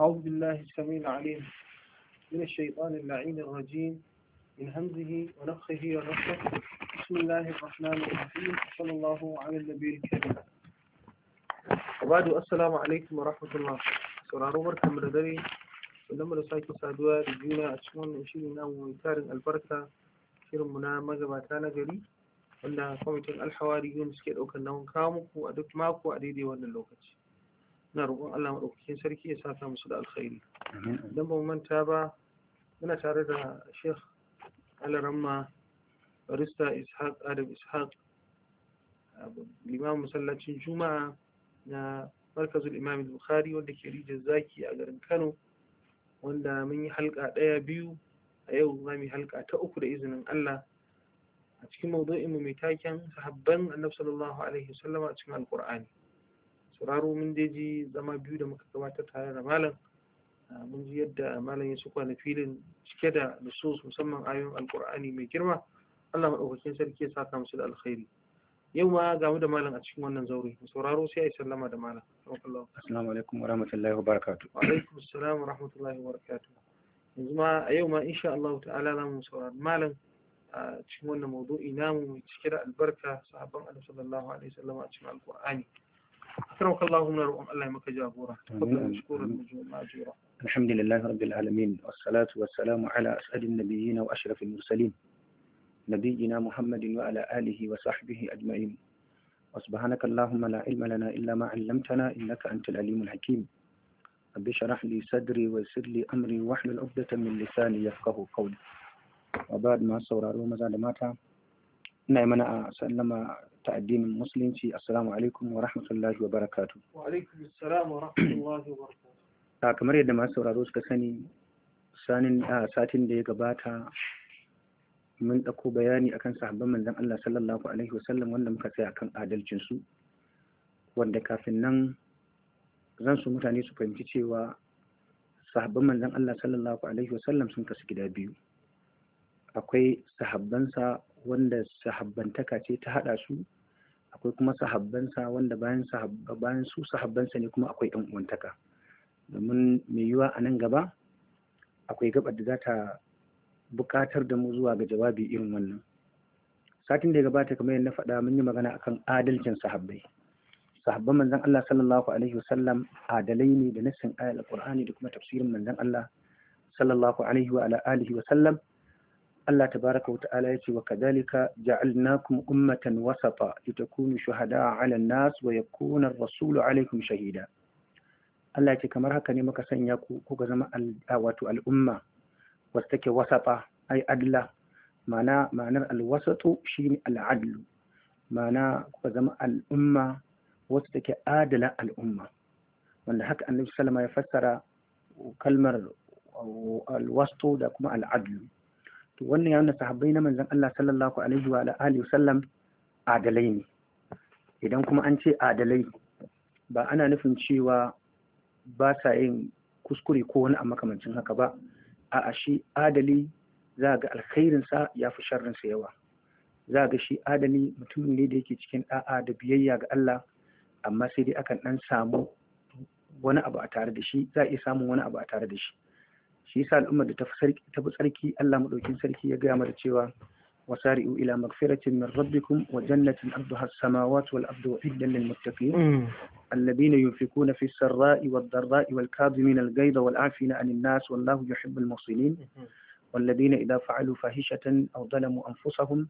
أعوذ بالله السميع العليم من الشيطان اللعين الرجيم من همزه ونفخه ونفخه بسم الله الرحمن الرحيم صلى الله على النبي الكريم وبعد السلام عليكم ورحمة الله sauraro barkan mu da dare idan mu da sake saduwa da juna a cikin wannan shirin namu mai tarin albarka shirin mu na magabata na gari wanda kwamitin alhawari yun suke ɗaukar nauyin kawo muku a duk mako a daidai wannan lokaci ina roƙon Allah maɗaukakin sarki ya saka musu da alkhairi idan ba mu manta ba muna tare da Sheikh Alaramma Barista Ishaq Adam Ishaq limamin masallacin Juma'a na Markazul Imam Bukhari wanda ke rijin zaki a garin Kano wanda mun yi halka ɗaya biyu a yau za mu yi halka ta uku da izinin Allah a cikin mawdu'in mu mai taken sahabban annabi sallallahu alaihi wasallam a cikin alqur'ani sauraro mun dai ji zama biyu da muka gabatar tare da malam mun ji yadda malam ya su kwana filin cike da nusus musamman ayoyin alqur'ani mai girma Allah madaukakin sarki ya saka musu da alkhairi yau ma ga mu da malam a cikin wannan zaure sauraro sai ai sallama da malam assalamu alaikum wa rahmatullahi wa barakatuh wa alaikum assalam wa rahmatullahi wa barakatuh yanzu ma a yau ma insha Allah ta'ala za mu saurari malam a cikin wannan mawudu inamu mai cike da albarka sahabban Allah sallallahu alaihi wasallam a cikin alqur'ani akram kallahu na ruwan Allah maka jagora kuma shukuru da majura rabbil alamin wassalatu wassalamu ala asadin nabiyyin wa ashrafil mursalin nabiyina muhammadin wa ala alihi wa sahbihi ajma'in وسبحانك اللهم لا علم لنا إلا ما علمتنا إنك أنت العليم الحكيم رب اشرح لي صدري ويسر لي أمري واحلل عقدة من لساني يفقه قولي abad masu sauraro maza da mata ina yi mana a sallama ta addinin musulunci assalamu alaikum wa rahmatullahi wa barakatu wa alaikum assalam wa rahmatullahi wa barakatu ah, kamar yadda masu sauraro suka sani sanin a ah, satin da ya gabata mun ɗauko bayani akan sahabban manzon Allah sallallahu alaihi wa sallam wanda muka tsaya akan adalcin su wanda kafin nan zan su mutane su fahimci cewa sahabban manzon Allah sallallahu alaihi wa sallam sun kasu gida biyu akwai sahabbansa wanda sahabbantaka ce ta haɗa su akwai kuma sahabbansa wanda bayan bayan su sahabbansa ne kuma akwai ɗan uwantaka domin mai yiwa a nan gaba akwai gaba da za ta buƙatar da mu zuwa ga jawabi irin wannan satin da ya gabata kamar yadda na faɗa mun yi magana akan adalcin sahabbai sahabban manzon Allah sallallahu alaihi wasallam adalai ne da nassin ayat alqur'ani da kuma tafsirin manzon Allah sallallahu alaihi wa alihi wasallam Allah tabaraka wa ta'ala yace wa kadhalika ja'alnakum ummatan wasata litakunu shuhada'a 'alan nas wa yakuna ar-rasulu 'alaykum shahida Allah ce kamar haka ne muka sanya ku kuka zama wato al'umma wacce take wasata ai adla ma'ana ma'anar al-wasatu shine al-adlu ma'ana kuka zama al'umma wacce take adala al'umma wanda haka annabi sallama ya fassara kalmar uh, al da kuma al to wannan ya nuna sahabbai na manzon Allah sallallahu alaihi wa alihi wasallam adalai ne idan kuma an ce adalai ba ana nufin cewa ba sa yin kuskure ko wani a makamancin haka ba a shi adali za ga sa ya fi sa yawa za ga shi adali mutum ne da yake cikin da'a da biyayya ga Allah amma sai dai akan dan samu wani abu a tare da shi za a iya samun wani abu a tare da shi shi yasa al'ummar da ta fi tsarki Allah madaukin sarki ya gaya mata cewa wasari'u ila magfiratin min rabbikum wa jannatin ardha as-samawati wal ardu iddan lil muttaqin hmm. alladhina yunfikuna fi sarra'i wad darra'i wal kadhimin al ghayza wal 'afina 'anil nas wallahu yuhibbul muhsinin والذين إذا فعلوا فاحشة أو ظلموا أنفسهم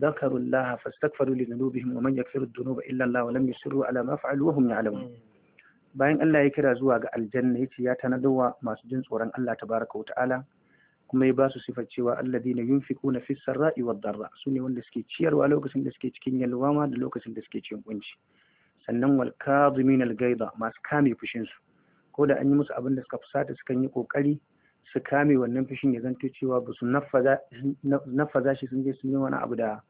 ذكروا الله فاستغفروا لذنوبهم ومن يكفر الذنوب إلا الله ولم يسروا على ما فعلوا وهم يعلمون bayan Allah ya kira zuwa ga aljanna yace ya wa masu jin tsoron Allah tabaraka wa ta'ala kuma ya ba su sifar cewa alladhina yunfiquna fis sarra'i wad darra sune wanda suke ciyarwa lokacin da suke cikin yalwama da lokacin da suke cikin kunci sannan wal kadhimin al gaiba masu kame fushin su ko da an yi musu abin da suka fusata sukan yi kokari su kame wannan fushin ya zanto cewa ba su nafaza shi sun je sun yi wani abu da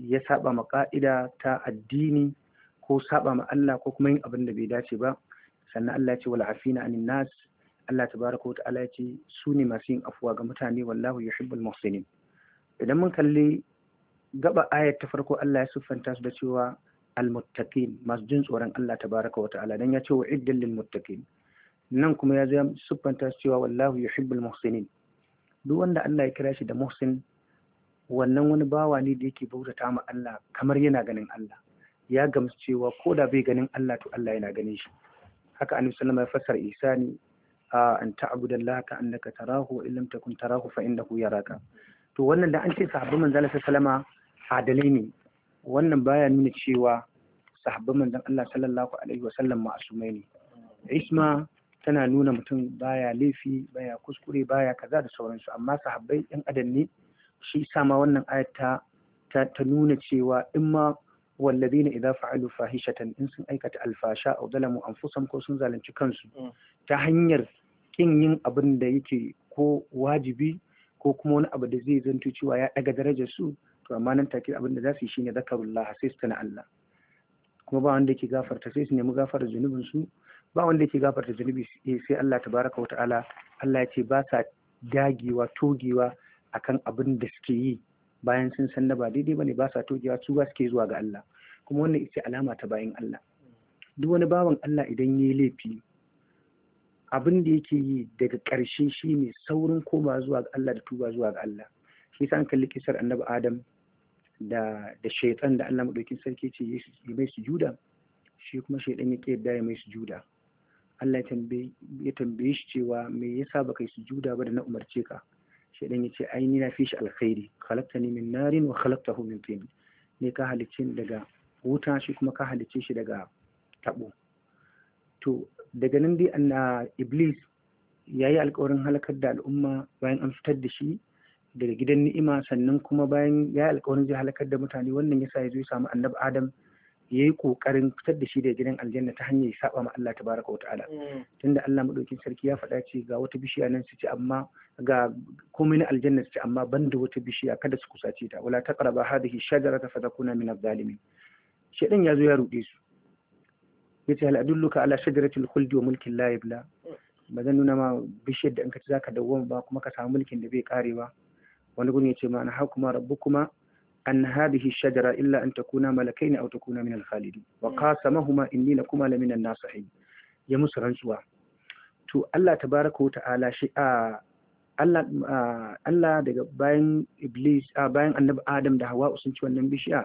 ya saba ma ka'ida ta addini ko saba ma Allah ko kuma yin abin da bai dace ba sannan Allah ya ce wal afina anin nas Allah tabaraka wa ta'ala ya ce su ne masu yin afuwa ga mutane wallahu yuhibbul muhsinin idan mun kalli gaba ayar ta farko Allah ya siffanta su da cewa almuttaqin masu jin tsoron Allah tabaraka wa ta'ala dan ya ce wa iddal lil muttaqin nan kuma ya zo siffanta su cewa wallahu yuhibbul muhsinin duk wanda Allah ya kira shi da muhsin wannan wani bawa ne da yake bautata ma Allah kamar yana ganin Allah ya gamsu cewa ko da bai ganin Allah to Allah yana ganin shi haka annabi sallallahu alaihi wasallam ya fassara ihsani an ta'budallaha ka annaka tarahu in lam takun tarahu fa innahu yaraka to wannan da an ce sahabban manzon Allah sallama adalai ne wannan baya nuna cewa sahabban manzon Allah sallallahu alaihi wasallam ma'asumai ne isma tana nuna mutum baya laifi baya kuskure baya kaza da sauransu amma sahabbai yan adanni shi sama wannan ayat ta ta nuna cewa in ma والذين إذا فعلوا فاحشة sun aikata alfasha a أو ظلموا أنفسهم كو سن kansu. Ta hanyar ƙin yin abin da yake ko wajibi ko kuma wani abu da zai zanto cewa ya daga darajar su to amma nan take abin da za su yi shine zakarullah sai su tana Allah kuma ba wanda yake gafarta sai su nemi gafarar zunubin ba wanda yake gafarta zunubi sai Allah tabaraka wa ta'ala Allah ya ce ba sa dagewa togewa akan abin da suke yi bayan sun san na ba daidai bane ba sa togewa su ba suke zuwa ga Allah kuma wannan ita alama ta bayan Allah duk wani bawan Allah idan yayi laifi abin da yake yi daga shi shine saurin koma zuwa ga Allah da tuba zuwa ga Allah shi yasa an kalli kisar annabi Adam da da shaytan da Allah madaukin sarki ce yi mai sujuda shi kuma shaytan ya kiyar ya mai juda? Allah ya tambaye shi cewa me yasa baka yi su juda ba da na umarce ka shaidan ya ce ai na fi shi alkhairi khalaqtani min narin wa khalaqtahu min tin ne ka halicci daga wuta shi kuma ka halicci shi daga tabo to daga nan dai anna iblis yayi alƙawarin halakar da al'umma bayan an fitar da shi daga gidan ni'ima sannan kuma bayan ya alƙawarin zai halakar da mutane wannan yasa ya zo ya samu annabi adam yayi kokarin fitar da shi daga gidan aljanna ta hanyar saba ma Allah tabaraka wa ta'ala mm. tunda Allah madaukin sarki ya faɗa ce ga wata bishiya nan su ci amma ga komai na aljanna su ci amma ban da wata bishiya kada su kusace ta wala taqraba hadhihi shajarata takuna min adh-dhalimin shedan ya zo ya rude su yace hal adulluka ala al khuldi wa mulkin la yabla ba zan nuna ma bishiyar da in ka ci zaka dawo ba kuma ka samu mulkin da bai karewa wani gun yace ma na hakuma rabbukuma an هذه الشجرة illa an تكون ملكين أو تكون من الخالدين وقاسمهما wa لكما inni الناصحين يا an-nasihin ya musu rantsuwa to Allah الله wa ta'ala shi Allah daga bayan Iblis a bayan Annabi Adam da Hawa'u sun ci wannan bishiya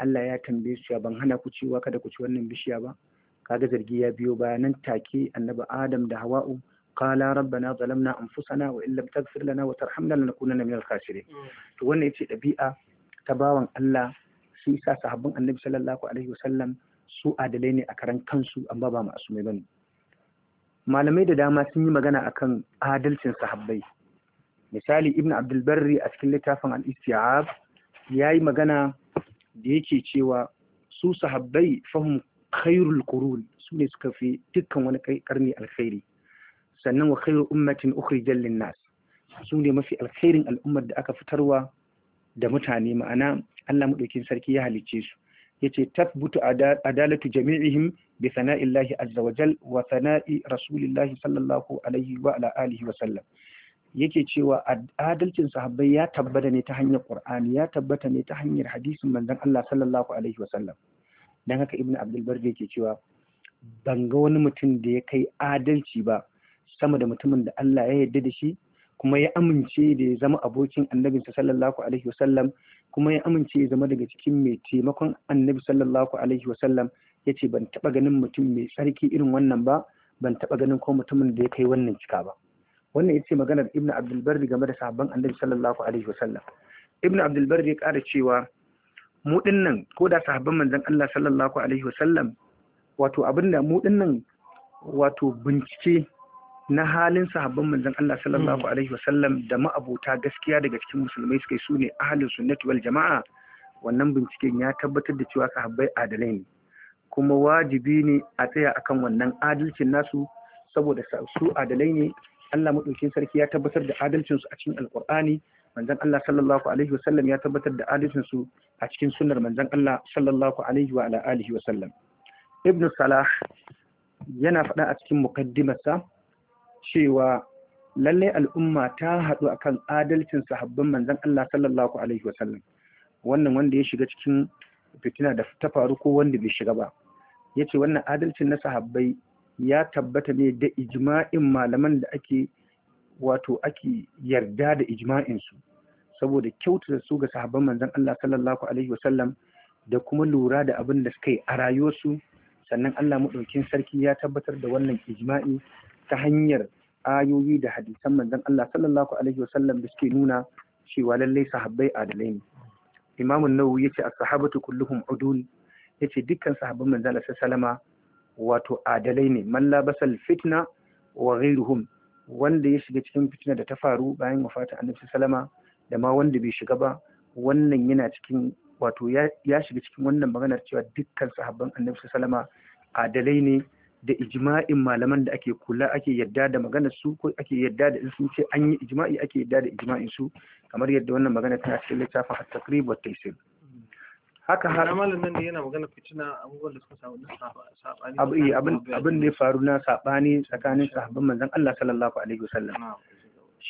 Allah ya tambaye su ya ban hana ku cewa kada ku ci wannan bishiya ba kaga zargi ya biyo bayanan take Annabi Adam da hawa'u qala rabbana zalamna anfusana wa illam taghfir lana wa tarhamna lanakunanna minal khasirin to wannan yace dabi'a ta bawan Allah shi yasa sahabban annabi sallallahu alaihi wasallam su adalai ne a karan kansu amma ba ma'asumai bane malamai da dama sun yi magana akan adalcin sahabbai misali ibn abdulbarri a cikin littafin al-istiab ya yi magana da yake cewa su sahabbai fahim khairul qurun su ne suka fi dukkan wani karni alkhairi sannan wa khairu ummatin ukhrijal lin nas su ne mafi alkhairin al'ummar da aka fitarwa da mutane ma'ana Allah maɗaukin sarki ya halicce su Ya ce yace a adalatu jami'ihim bi sana'illahi azza wa jal wa sana'i rasulillahi sallallahu alaihi wa ala wa sallam yake cewa adalcin sahabbai ya tabbata ne ta hanyar Qur'ani ya tabbata ne ta hanyar hadisin manzan Allah sallallahu alaihi wa sallam dan haka ibnu abdul bar yake cewa ban ga wani mutum da ya kai adalci ba sama da mutumin da Allah ya yarda da shi kuma ya amince da ya zama abokin annabi sallallahu alaihi wasallam kuma ya amince ya zama daga cikin mai taimakon annabi sallallahu alaihi wasallam ya ce ban taɓa ganin mutum mai tsarki irin wannan ba ban taɓa ganin ko mutumin da ya kai wannan cika ba wannan ya ce maganar ibn abdulbar game da sahabban annabi sallallahu alaihi wasallam ibn abdulbar ya ƙara cewa mu dinnan ko da sahabban manzon Allah sallallahu alaihi wasallam wato abinda mu dinnan wato bincike na halin sahabban manzon Allah sallallahu hmm. alaihi sallam da ma'abuta gaskiya daga cikin musulmai suka yi su ne ahlus sunnati wal jama'a wannan binciken ya tabbatar da cewa sahabbai adalai ne kuma wajibi ne a tsaya akan wannan adalcin nasu saboda su adalai ne Allah madaukakin sarki ya tabbatar da adalcin su a cikin alqur'ani manzon Allah sallallahu alaihi sallam ya tabbatar da adalcin su a cikin sunnar manzon Allah sallallahu alaihi wa alihi wa sallam ibn salah yana faɗa a cikin muqaddimarsa cewa lallai al'umma ta haɗu akan adalcin sahabban manzon Allah sallallahu alaihi wasallam wannan wanda ya shiga cikin fitina da ta faru ko wanda bai shiga ba Ya ce wannan adalcin na sahabbai ya tabbata ne da ijma'in malaman da ake wato ake yarda da ijma'in su saboda kyautata su ga sahabban manzon Allah sallallahu alaihi wasallam da kuma lura da abin da suka yi a rayuwarsu sannan Allah maɗaukin sarki ya tabbatar da wannan ijma'i ta hanyar ayoyi da hadisan manzon Allah sallallahu alaihi wasallam da suke nuna cewa lallai sahabbai adalai ne Imam Nawawi yace as-sahabatu kulluhum udul yace dukkan sahabban manzon Allah sallallahu wato adalai ne man labasal fitna wa ghayruhum wanda ya shiga cikin fitina da ta faru bayan wafatin Annabi sallallahu da ma wanda bai shiga ba wannan yana cikin wato ya shiga cikin wannan maganar cewa dukkan sahabban Annabi sallallahu adalai ne da ijma'in malaman da ake kula ake yadda da maganar su ko ake yadda da sun ce an yi ijma'i ake yadda da ijma'in su kamar yadda wannan magana tana cikin littafin at-taqrib wa taysir haka har malam nan yana magana fitina abubuwan da suka samu sabani eh, abin abin ne faru na sabani tsakanin sahabban manzon Allah sallallahu alaihi wasallam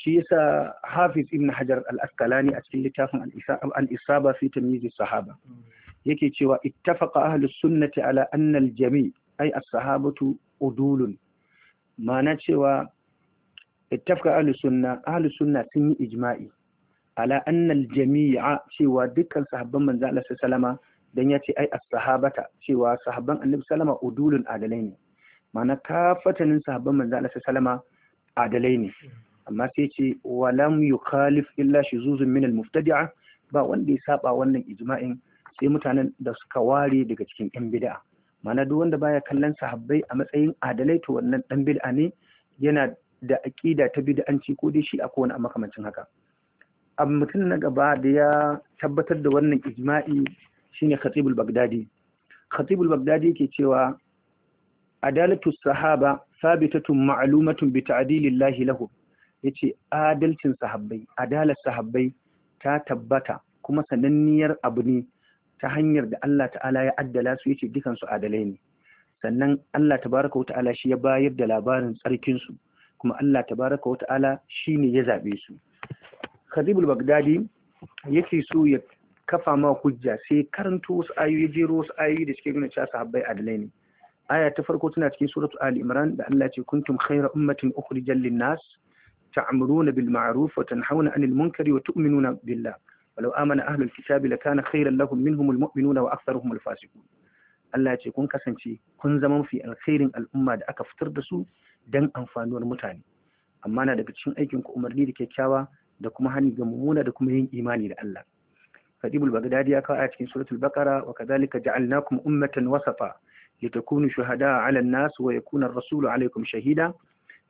shi yasa Hafiz Ibn Hajar al-Asqalani a cikin littafin al-Isaba fi tamyiz as-sahaba hmm. yake cewa ittafaqa ahlus sunnati ala anna al-jami' ai as-sahabatu udulun ma'ana cewa ittafaqa ahlus sunna ahlus sunna sun yi ijma'i ala anna al-jami'a cewa dukkan sahabban manzo Allah sallama dan yace ai as-sahabata cewa sahabban annabi sallama udulun adalai ne ma'ana kafatanin sahabban manzo Allah sallama adalai ne amma sai ce lam yukhalif illa shuzuzun min al-mubtadi'a ba wanda ya saba wannan ijma'in sai mutanen da suka ware daga cikin yan bid'a mana duk wanda baya kallon sahabbai a matsayin adalai to wannan dan bid'a ne yana da aƙida ta bid'anci ko dai shi a kowane makamancin haka abu mutum na gaba da ya tabbatar da wannan ijma'i shine khatibul bagdadi khatibul bagdadi yake cewa adalatu sahaba sabitatun ma'lumatun bi ta'dilillahi lahu yace adalcin sahabbai adalar sahabbai ta tabbata kuma sananniyar abu ne ta hanyar da Allah ta'ala ya addala su yace dukansu su adalai ne sannan Allah tabaraka wata'ala shi ya bayar da labarin tsarkin su kuma Allah tabaraka wata'ala shine ya zabe su Khadibul Baghdadi yake so ya kafa ma hujja sai karanto wasu ayoyi jero wasu ayoyi da suke nuna cewa sahabbai adalai ne aya ta farko tana cikin suratu Ali Imran da Allah ce kuntum khayra ummatin ukhrijal lin-nas ta'muruna bil ma'ruf wa tanhauna 'anil munkari wa tu'minuna billah walau amana ahlul kitabi lakana khairan lahum minhumul mu'minuna wa aktharuhumul fasiku. Allah ya ce kun kasance kun zama mafi alkhairin al'umma da aka fitar da su dan amfanuwar mutane amma na daga cikin aikin ku umarni da kyakkyawa da kuma hani ga mummuna da kuma yin imani da Allah Fadibul Baghdadi ya kawo a cikin suratul Baqara wa kadhalika ja'alnakum ummatan wasafa litakunu shuhada 'ala an-nas wa yakuna ar-rasulu 'alaykum shahida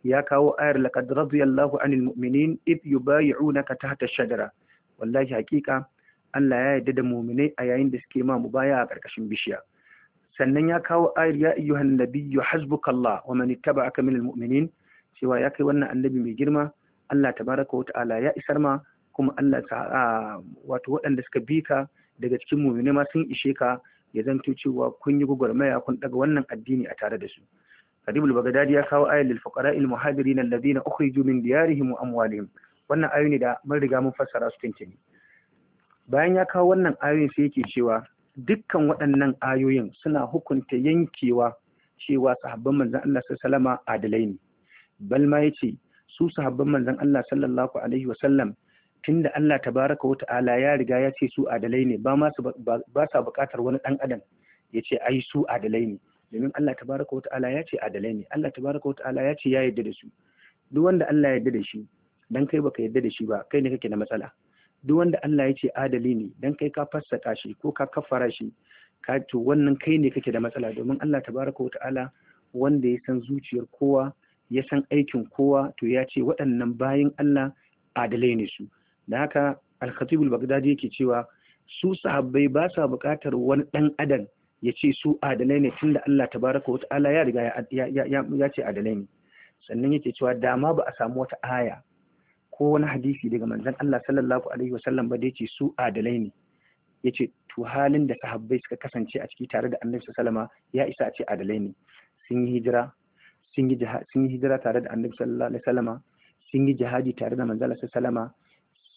ya kawo ayar laqad radiyallahu 'anil mu'minin id yubay'unaka tahta ash-shajara wallahi hakika Allah ya yarda da mu'minai a yayin da suke ma baya a ƙarƙashin bishiya sannan ya kawo ayar ya ayyuha nabiyyu hasbukallah wa man ittaba'aka minal mu'minin cewa ya kai wannan annabi mai girma Allah tabaraka wa ta'ala ya isar ma kuma Allah ta wato waɗanda suka bi ka daga cikin mu'minai ma sun ishe ka ya zanto cewa kun yi gwagwarmaya kun daga wannan addini a tare da su Kadibul Bagadadi ya kawo ayar lil fuqara muhajirin alladhina ukhriju min diyarihim wa amwalihim wannan ayoyi ne da mun riga mun fassara su tuntuni bayan ya kawo wannan ayoyin sai yake cewa dukkan waɗannan ayoyin suna hukunta yankewa cewa sahabban manzon Allah sallallahu adalai ne Balma ma yace su sahabban manzon Allah sallallahu alaihi wasallam tunda Allah tabaraka wata'ala ya riga ya ce su adalai ne ba ma ba sa buƙatar wani ɗan adam ya ce ai su adalai ne domin Allah tabaraka wata'ala ya ce adalai ne Allah tabaraka wata'ala ya ce ya yarda da su duk wanda Allah ya yarda da shi dan kai baka yarda da shi ba kai ne kake da matsala duk wanda Allah ya ce adali ne dan kai ka fassaka shi ko ka kafara shi ka to wannan kai ne kake da matsala domin Allah tabaraka wa ta'ala wanda ya san zuciyar kowa ya san aikin kowa to ya ce waɗannan bayan Allah adalai ne su da haka al-khatib yake cewa su sahabbai ba sa buƙatar wani ɗan adam ya ce su adalai ne tunda Allah tabaraka wa ta'ala ya riga ya ce adalai ne sannan yake cewa dama ba a samu wata aya ko wani hadisi daga manzon Allah sallallahu alaihi wasallam ba da yace su adalai ne yace to halin da sahabbai suka kasance a ciki tare da annabi sallama ya isa a ce adalai ne sun yi hijira sun yi sun yi hijira tare da annabi sallallahu alaihi wasallama sun yi jihadi tare da manzon Allah sallama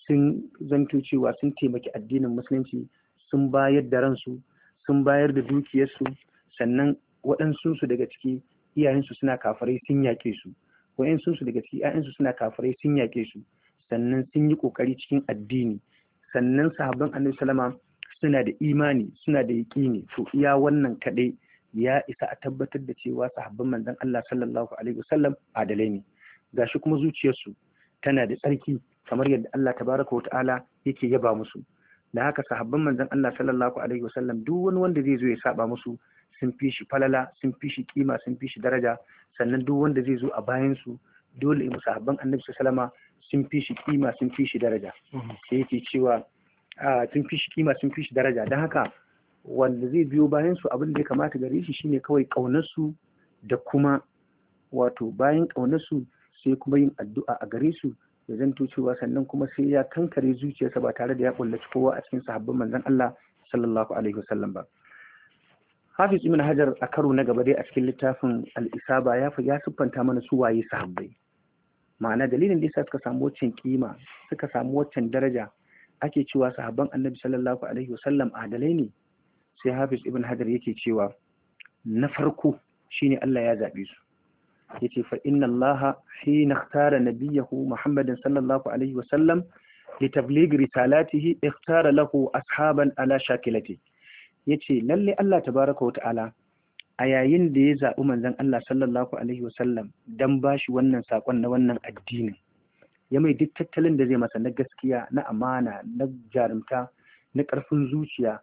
sun zanto cewa sun taimaki addinin musulunci sun bayar da ransu sun bayar da dukiyarsu sannan waɗansu su daga ciki iyayensu suna kafarai sun yaƙe su wa'yansu su daga cikin ƴaƴansu suna kafirai sun yaƙe su sannan sun yi ƙoƙari cikin addini sannan sahabban annabi salama suna da imani suna da yaƙini to iya wannan kaɗai ya isa a tabbatar da cewa sahabban manzon Allah sallallahu alaihi wasallam adalai ne gashi kuma zuciyarsu tana da tsarki kamar yadda Allah tabaraka wa ta'ala yake yaba musu da haka sahabban manzon Allah sallallahu alaihi wasallam duk wani wanda zai zo ya saba musu sun fi shi falala sun fi shi kima sun fi shi daraja sannan duk wanda zai zo a bayan su dole in sahabban annabi wasallama sun fi shi kima sun fi shi daraja mhm. sai yake cewa sun fi shi kima sun fi shi daraja Dan haka wanda zai biyo bayan su abin da ya kamata gare shi shine kawai kaunar su da kuma wato bayan kaunar su sai kuma yin addu'a a gare su ya zanto cewa sannan kuma sai ya kankare zuciyarsa ba tare da ya kullaci kowa a cikin sahabban manzon Allah sallallahu alaihi wasallam ba hafiz ibn hajar a karo na gaba dai a cikin littafin al'isaba ya ya siffanta mana su waye sahabbai ma'ana dalilin da yasa suka samu waccan kima suka samu waccan daraja ake cewa sahabban annabi sallallahu alaihi wasallam adalai ne sai hafiz ibn hajar yake cewa na farko shine Allah ya zabe su yace fa inna Allah hina ikhtara nabiyahu Muhammadin sallallahu alaihi wasallam li tabligh risalatihi ikhtara lahu ashaban ala shakilatihi ya ce lalle Allah tabaraka wa ta'ala a yayin da ya zaɓi manzan Allah sallallahu alaihi wasallam ba bashi wannan saƙon na wannan addinin ya mai duk tattalin da zai masa na gaskiya na amana na jarumta na ƙarfin zuciya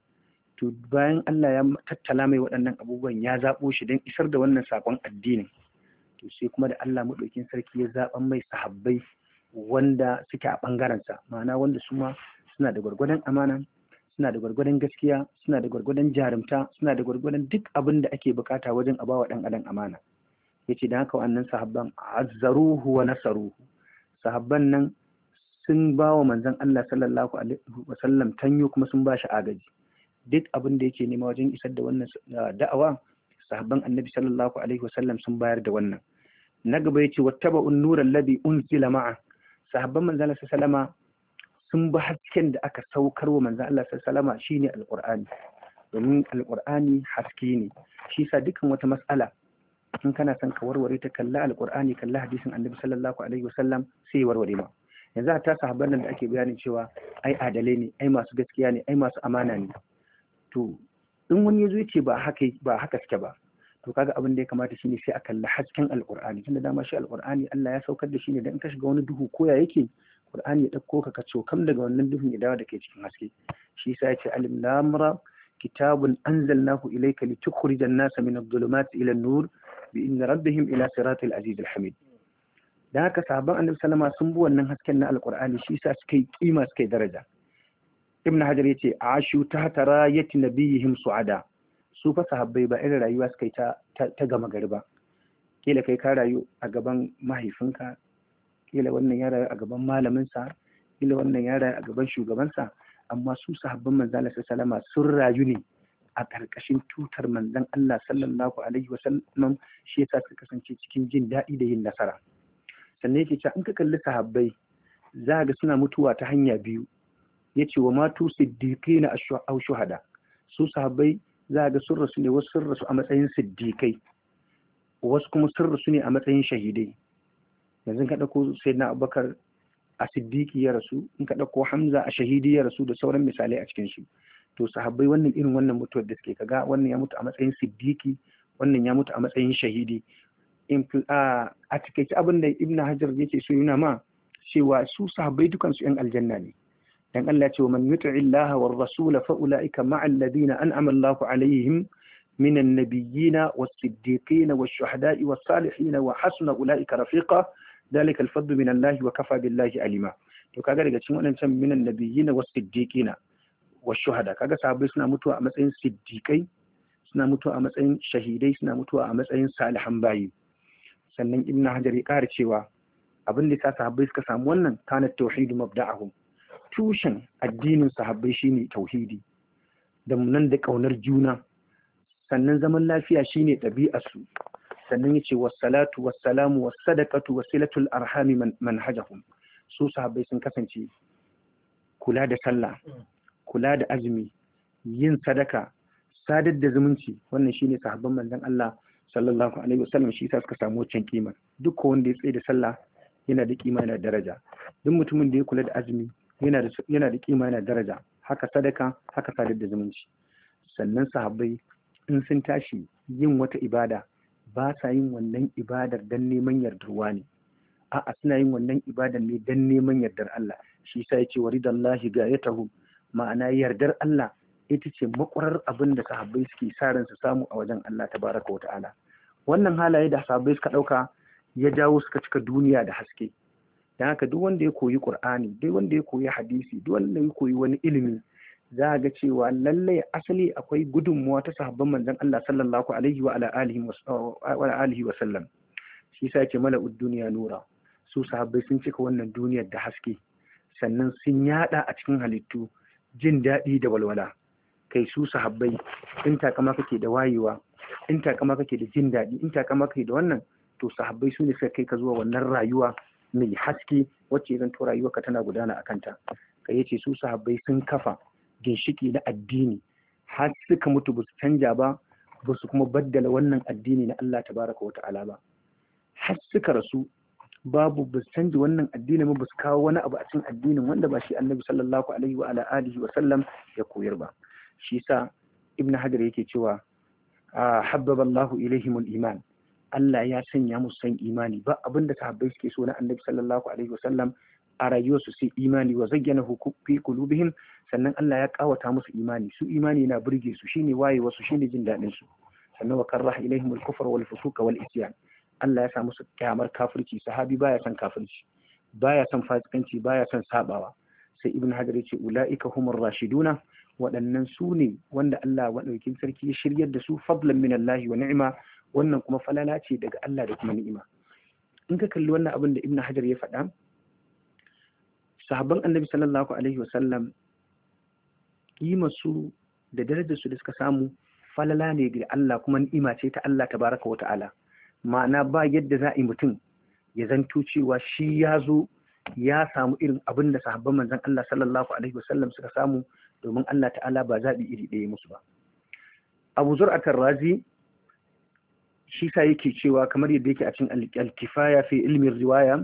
to bayan Allah ya tattala mai waɗannan abubuwan ya zaɓo shi don isar da wannan saƙon addinin to sai kuma da Allah maɗaukin sarki ya zaɓan mai sahabbai wanda suke a ɓangarensa ma'ana wanda su suna da gwargwadon amana suna da gwargwadon gaskiya suna da gwargwadon jarumta suna da gwargwadon duk abin da ake bukata wajen a bawa dan adam amana yace dan haka wannan sahabban azzaruhu wa nasaruhu sahabban nan sun bawa manzon Allah sallallahu alaihi wasallam tanyo kuma sun bashi agaji duk abin da yake nema wajen isar da wannan da'awa sahabban annabi sallallahu alaihi wasallam sun bayar da wannan na gaba yace wattaba'un nural ladhi unzila ma'a sahabban manzon Allah sallallahu alaihi sallama sun bi hasken da aka saukar wa manzo Allah shi shine alqur'ani domin alqur'ani haske ne shi sa dukkan wata mas'ala in kana son ka warware ta kalla alqur'ani kalla hadisin annabi sallallahu alaihi wasallam sai warware ma yanzu a ta habar nan da ake bayanin cewa ai adalai ne ai masu gaskiya ne ai masu amana ne to in wani ya zo ce ba haka ba haka suke ba to kaga abin da ya kamata shine sai a kalli hasken alqur'ani tunda dama shi alqur'ani Allah ya saukar da shi ne dan ka shiga wani duhu ko ya yake Qur'ani ya ɗauko ka kaco kam daga wannan duhun ya dawo da kai cikin haske shi yasa yace alim lamra kitabun anzalnahu ilayka litukhrijan nasa min adh-dhulumati ila an-nur bi inna rabbihim ila siratil azizil hamid da haka sahabban annabi sallama sun bi wannan hasken na alqur'ani shi yasa suka yi kima suka yi daraja ibn hajar yace ashu tahta rayati nabiyihim su'ada su fa sahabbai ba irin rayuwa suka yi ta ta gama gari ba kila kai ka rayu a gaban mahaifinka kila wannan ya rayu a gaban malaminsa kila wannan ya rayu a gaban shugabansa amma su sahabban manzo Allah sallama sun rayu ne a ƙarƙashin tutar manzon Allah sallallahu alaihi wasallam shi yasa suka kasance cikin jin daɗi da yin nasara sannan yake cewa in ka kalli sahabbai za ga suna mutuwa ta hanya biyu yace wa matu siddiqina aw shuhada su sahabbai za ga sun rasu ne wasu sun rasu a matsayin siddiqai wasu kuma sun rasu ne a matsayin shahidai yanzu ka ɗauko na abubakar a siddiki ya rasu in ka ɗauko hamza a shahidi ya rasu da sauran misalai a cikin su to sahabbai wannan irin wannan mutuwar da suke kaga wannan ya mutu a matsayin siddiki wannan ya mutu a matsayin shahidi a cikin abin da ibn hajar yake so yana ma cewa su sahabbai dukansu yan aljanna ne dan Allah ce wa man yuti Allah wa rasul fa ulaika ma'al ladina an'ama Allahu alaihim minan nabiyina was siddiqina wash shuhada'i was salihin wa hasuna ulaika rafiqa dalika da min lahi wa kafa billahi alima to kaga daga cikin waɗancan minan nabiyina wasu siddiqina wa shuhada kaga sahabbai suna mutuwa a matsayin siddiqai suna mutuwa a matsayin shahidai suna mutuwa a matsayin salihan bayi sannan ibnu hajar ya ƙara cewa abin da sa sahabbai suka samu wannan kanat tauhidu mabda'ahum tushen addinin sahabbai shine tauhidi da nan da kaunar juna sannan zaman lafiya shine ɗabi'arsu sannan ya ce wasalatu wassalamu wassadaqatu wasilatul arhami manhajahum su sahabbai sun kasance kula da sallah kula da azumi yin sadaka sadar da zumunci wannan shine sahabban manzon Allah sallallahu alaihi wasallam shi yasa suka samu wancan kima duk wanda ya tsaye da sallah yana da kima yana daraja duk mutumin da ya kula da azumi yana da yana da kima yana daraja haka sadaka haka sadar da zumunci sannan sahabbai in sun tashi yin wata ibada ba sa yin wannan ibadar dan neman yardar wani a'a suna yin wannan ibadar ne dan neman yardar Allah shi sa yace waridallahi gayatahu ma'ana yardar Allah ita ce makwarar abin da sahabbai suke sa ran su samu a wajen Allah tabaraka wa ta'ala wannan halaye da sahabbai suka dauka ya jawo suka cika duniya da haske dan haka duk wanda ya koyi Qur'ani duk wanda ya koyi hadisi duk wanda ya koyi wani ilimi za a ga cewa lallai asali akwai gudunmuwa ta sahabban manzon Allah sallallahu alaihi wa ala alihi wa sallam shi sa yake mala duniya nura su sahabbai sun cika wannan duniyar da haske sannan sun yada a cikin halittu jin daɗi da walwala kai su sahabbai in takama kake da wayewa in takama kake da jin daɗi in takama kake da wannan to sahabbai su ne suka kai ka zuwa wannan rayuwa mai haske wacce zan to ka tana gudana a kanta kai yace su sahabbai sun kafa ginshiki na addini har suka mutu ba su canja ba ba su kuma baddala wannan addini na Allah tabaraka wa ta'ala ba har suka rasu babu ba su canji wannan addinin ba su kawo wani abu a cikin addinin wanda ba shi annabi sallallahu alaihi wa ala alihi wa sallam ya koyar ba shi yasa ibn hajar yake cewa habbaba Allah ilaihim iman Allah ya sanya musu san imani ba abinda sahabbai suke so na annabi sallallahu alaihi wa sallam a rayuwarsu sai imani wa zayyana fi qulubihim sannan Allah ya kawata musu imani su imani na burge su shine waye wasu shine jin dadin su sannan wa karraha ilaihim al-kufra wal fusuka wal isyan Allah ya sa musu kyamar kafirci sahabi baya son kafirci baya son fasikanci baya son sabawa sai ibn hajar yace ulaika humur rashiduna waɗannan su ne wanda Allah waɗaukin sarki ya shiryar da su fadlan min Allah wa ni'ima wannan kuma falala ce daga Allah da kuma ni'ima in ka kalli wannan abin da ibn hajar ya faɗa sahabban annabi sallallahu alaihi wasallam kimarsu da darajarsu da suka samu falala ne ga Allah kuma ni'ima ce ta Allah tabaraka wa ta'ala ma'ana ba yadda za a yi mutum ya zanto cewa shi ya zo ya samu irin abin da sahabban manzon Allah sallallahu alaihi wasallam suka samu domin Allah ta'ala ba zaɓi iri ɗaya musu ba Abu Zur'a razi shi sa yake cewa kamar yadda yake a cikin al-Kifaya fi ilmin riwaya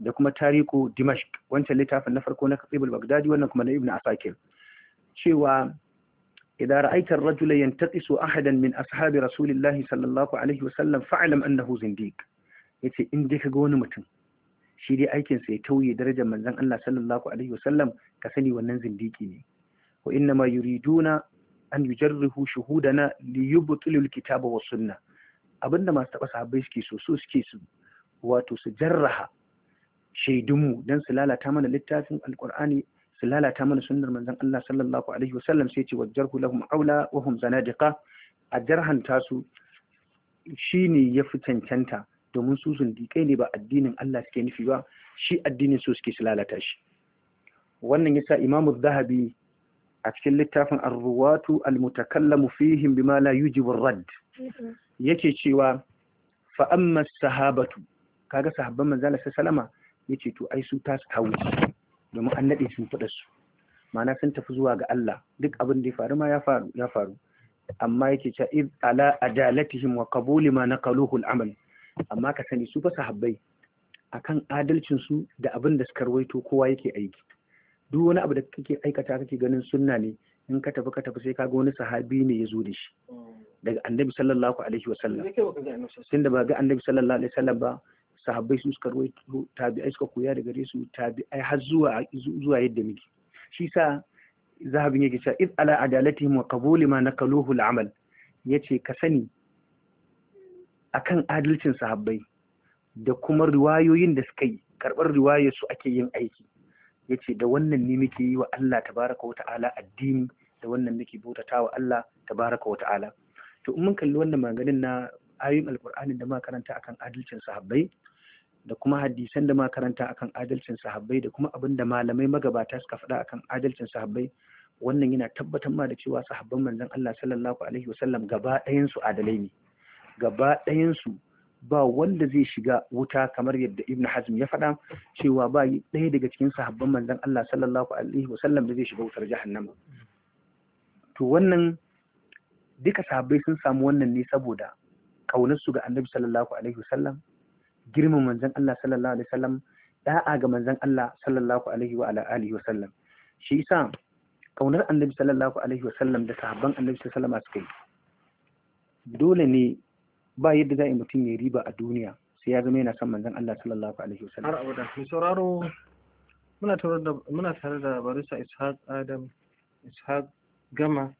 da kuma tariku dimashq wancan littafin na farko na katsibul bagdadi wannan kuma na ibn asakir cewa idan ra'aitar rajula yantaqisu ahadan min ashabi rasulillahi sallallahu alaihi wasallam fa'lam annahu zindiq yace in dai kaga wani mutum shi dai aikin sa ya tauye darajar manzon Allah sallallahu alaihi ka sani wannan zindiki ne wa inna ma yuriduna an yujarrihu shuhudana liyubtilu alkitaba was sunnah abinda masu taba sahabbai suke so so suke su wato su jarraha shaidunmu don su lalata mana littafin alkur'ani su lalata mana sunnar manzan Allah sallallahu alaihi wasallam sai ce wajjarhu lahum aula wa hum zanadiqa a jarhanta su ya yafi cancanta domin su sundiƙai ne ba addinin Allah suke nufi ba shi addinin su suke su lalata shi wannan ya sa imamu zahabi a cikin littafin ar-ruwatu al-mutakallamu fihim bima la yujibu ar mm-hmm. yake cewa fa amma sahabatu kaga sahabban manzala sallama ya ce to ai su ta su tawo domin an nade sun faɗa su ma'ana sun tafi zuwa ga Allah duk abin da ya faru ma ya faru ya amma yake cewa iz ala adalatihim wa qabuli ma naqaluhu al'amal amma ka sani su fa sahabbai akan adalcin su da abin da suka rawaito kowa yake aiki duk wani abu da kake aikata kake ganin sunna ne in ka tafi ka tafi sai ka ga wani sahabi ne ya zo da shi daga annabi sallallahu alaihi wa sallam tunda ba ga annabi sallallahu alaihi wa sallam ba sahabbai su suka rawaito tabi'ai suka koya daga gare su tabi'ai har zuwa zuwa yadda muke shi sa zahabin yake cewa iz ala adalatihim wa qabuli ma nakaluhu al'amal yace ka sani akan adalcin sahabbai da kuma riwayoyin da suka yi karbar riwayar su ake yin aiki yace da wannan ne muke yi wa Allah tabaraka wa ta'ala addini da wannan muke bautata wa Allah tabaraka wa ta'ala to in mun kalli wannan maganin na ayoyin alkur'ani da ma karanta akan adalcin sahabbai da kuma hadisan da makaranta akan adalcin sahabbai da kuma abin da malamai magabata suka faɗa akan adalcin sahabbai wannan yana tabbatar ma da cewa sahabban manzon Allah sallallahu alaihi wasallam gaba ɗayan su adalai ne gaba ɗayan su ba wanda zai shiga wuta kamar yadda Ibn Hazm ya faɗa cewa ba ɗaya daga cikin sahabban manzon Allah sallallahu alaihi wasallam da zai shiga wutar jahannama to wannan duka sahabbai sun samu wannan ne saboda kaunar su ga Annabi sallallahu alaihi wasallam girma manzon Allah sallallahu alaihi wasallam da'a ga manzon Allah sallallahu alaihi wa alihi wasallam shi yasa kaunar annabi sallallahu alaihi wasallam da sahabban annabi sallallahu alaihi wasallam suka dole ne ba yadda za a yi mutum ya riba a duniya sai ya zama yana son manzon Allah sallallahu alaihi wasallam har abada mu sauraro muna tare da muna tare da barisa Ishaq Adam Ishaq Gama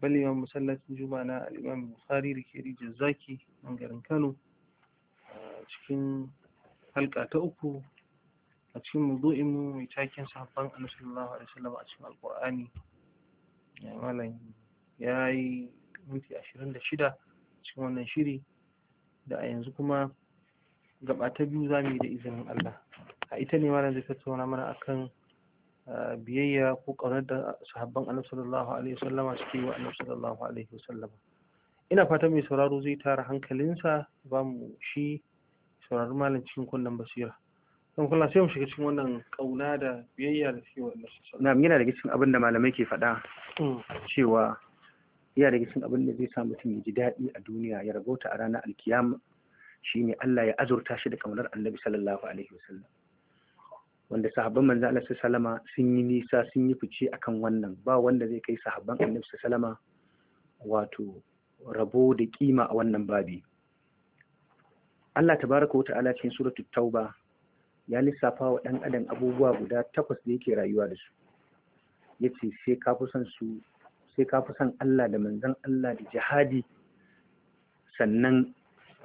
balewan masallacin Juma'a na Al-Imam Bukhari da rijin zaki nan garin Kano a cikin halka ta uku a cikin mawdu'in mu mai taken sahabban Annabi sallallahu alaihi wasallam a cikin Alƙur'ani ya malam yayi minti ashirin da shida cikin wannan shiri da a yanzu kuma gaba ta biyu za mu yi da izinin Allah a ita ne malam zai tattauna mana akan biyayya ko ƙaunar da sahabban Annabi sallallahu alaihi wasallama suke yi wa Annabi sallallahu alaihi wasallama ina fata mai sauraro zai tara hankalinsa ba mu shi saurari malam cikin kunnen basira don kula sai mu shiga cikin wannan kauna da biyayya da suke wannan na'am yana daga cikin abin da malamai ke faɗa hmm. cewa yana daga cikin abin da zai sa mutum ya ji daɗi a duniya ya rabauta a ranar alkiyama shine Allah ya azurta shi da kaunar annabi sallallahu alaihi wasallam wanda sahabban manzo Allah sallama sun yi nisa sun yi fice akan wannan ba wanda zai kai sahabban annabi sallama wato rabo da kima a wannan babi Allah tabaraka wa ta'ala cikin suratu tauba ya lissafa wa ɗan adam abubuwa guda takwas da yake rayuwa da su ya ce sai ka fi son Allah da manzan Allah da jihadi sannan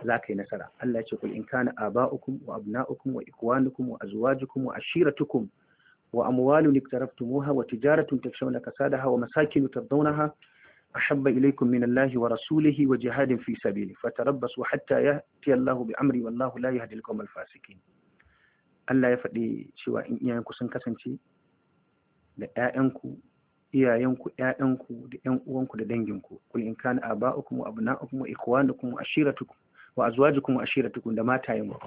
za ka yi nasara Allah ce kul in kana aba'ukum wa abna'ukum wa ikwanukum wa azwajukum wa ashiratukum wa amwalun iqtaraftumuha wa tijaratun da kasadaha wa masakin tardawnaha أحب إليكم من الله ورسوله وجهاد في سبيله فتربصوا حتى يأتي الله بأمري والله لا يهدي القوم الفاسقين Allah ya faɗi cewa in iyayenku sun kasance da ‘ya'yanku, iyayenku, ‘ya'yanku da ‘yan uwanku da danginku, kul in kana aba'ukum wa abna'ukum wa ikhwanukum wa ashiratukum wa azwajukum wa ashiratukum da matayenku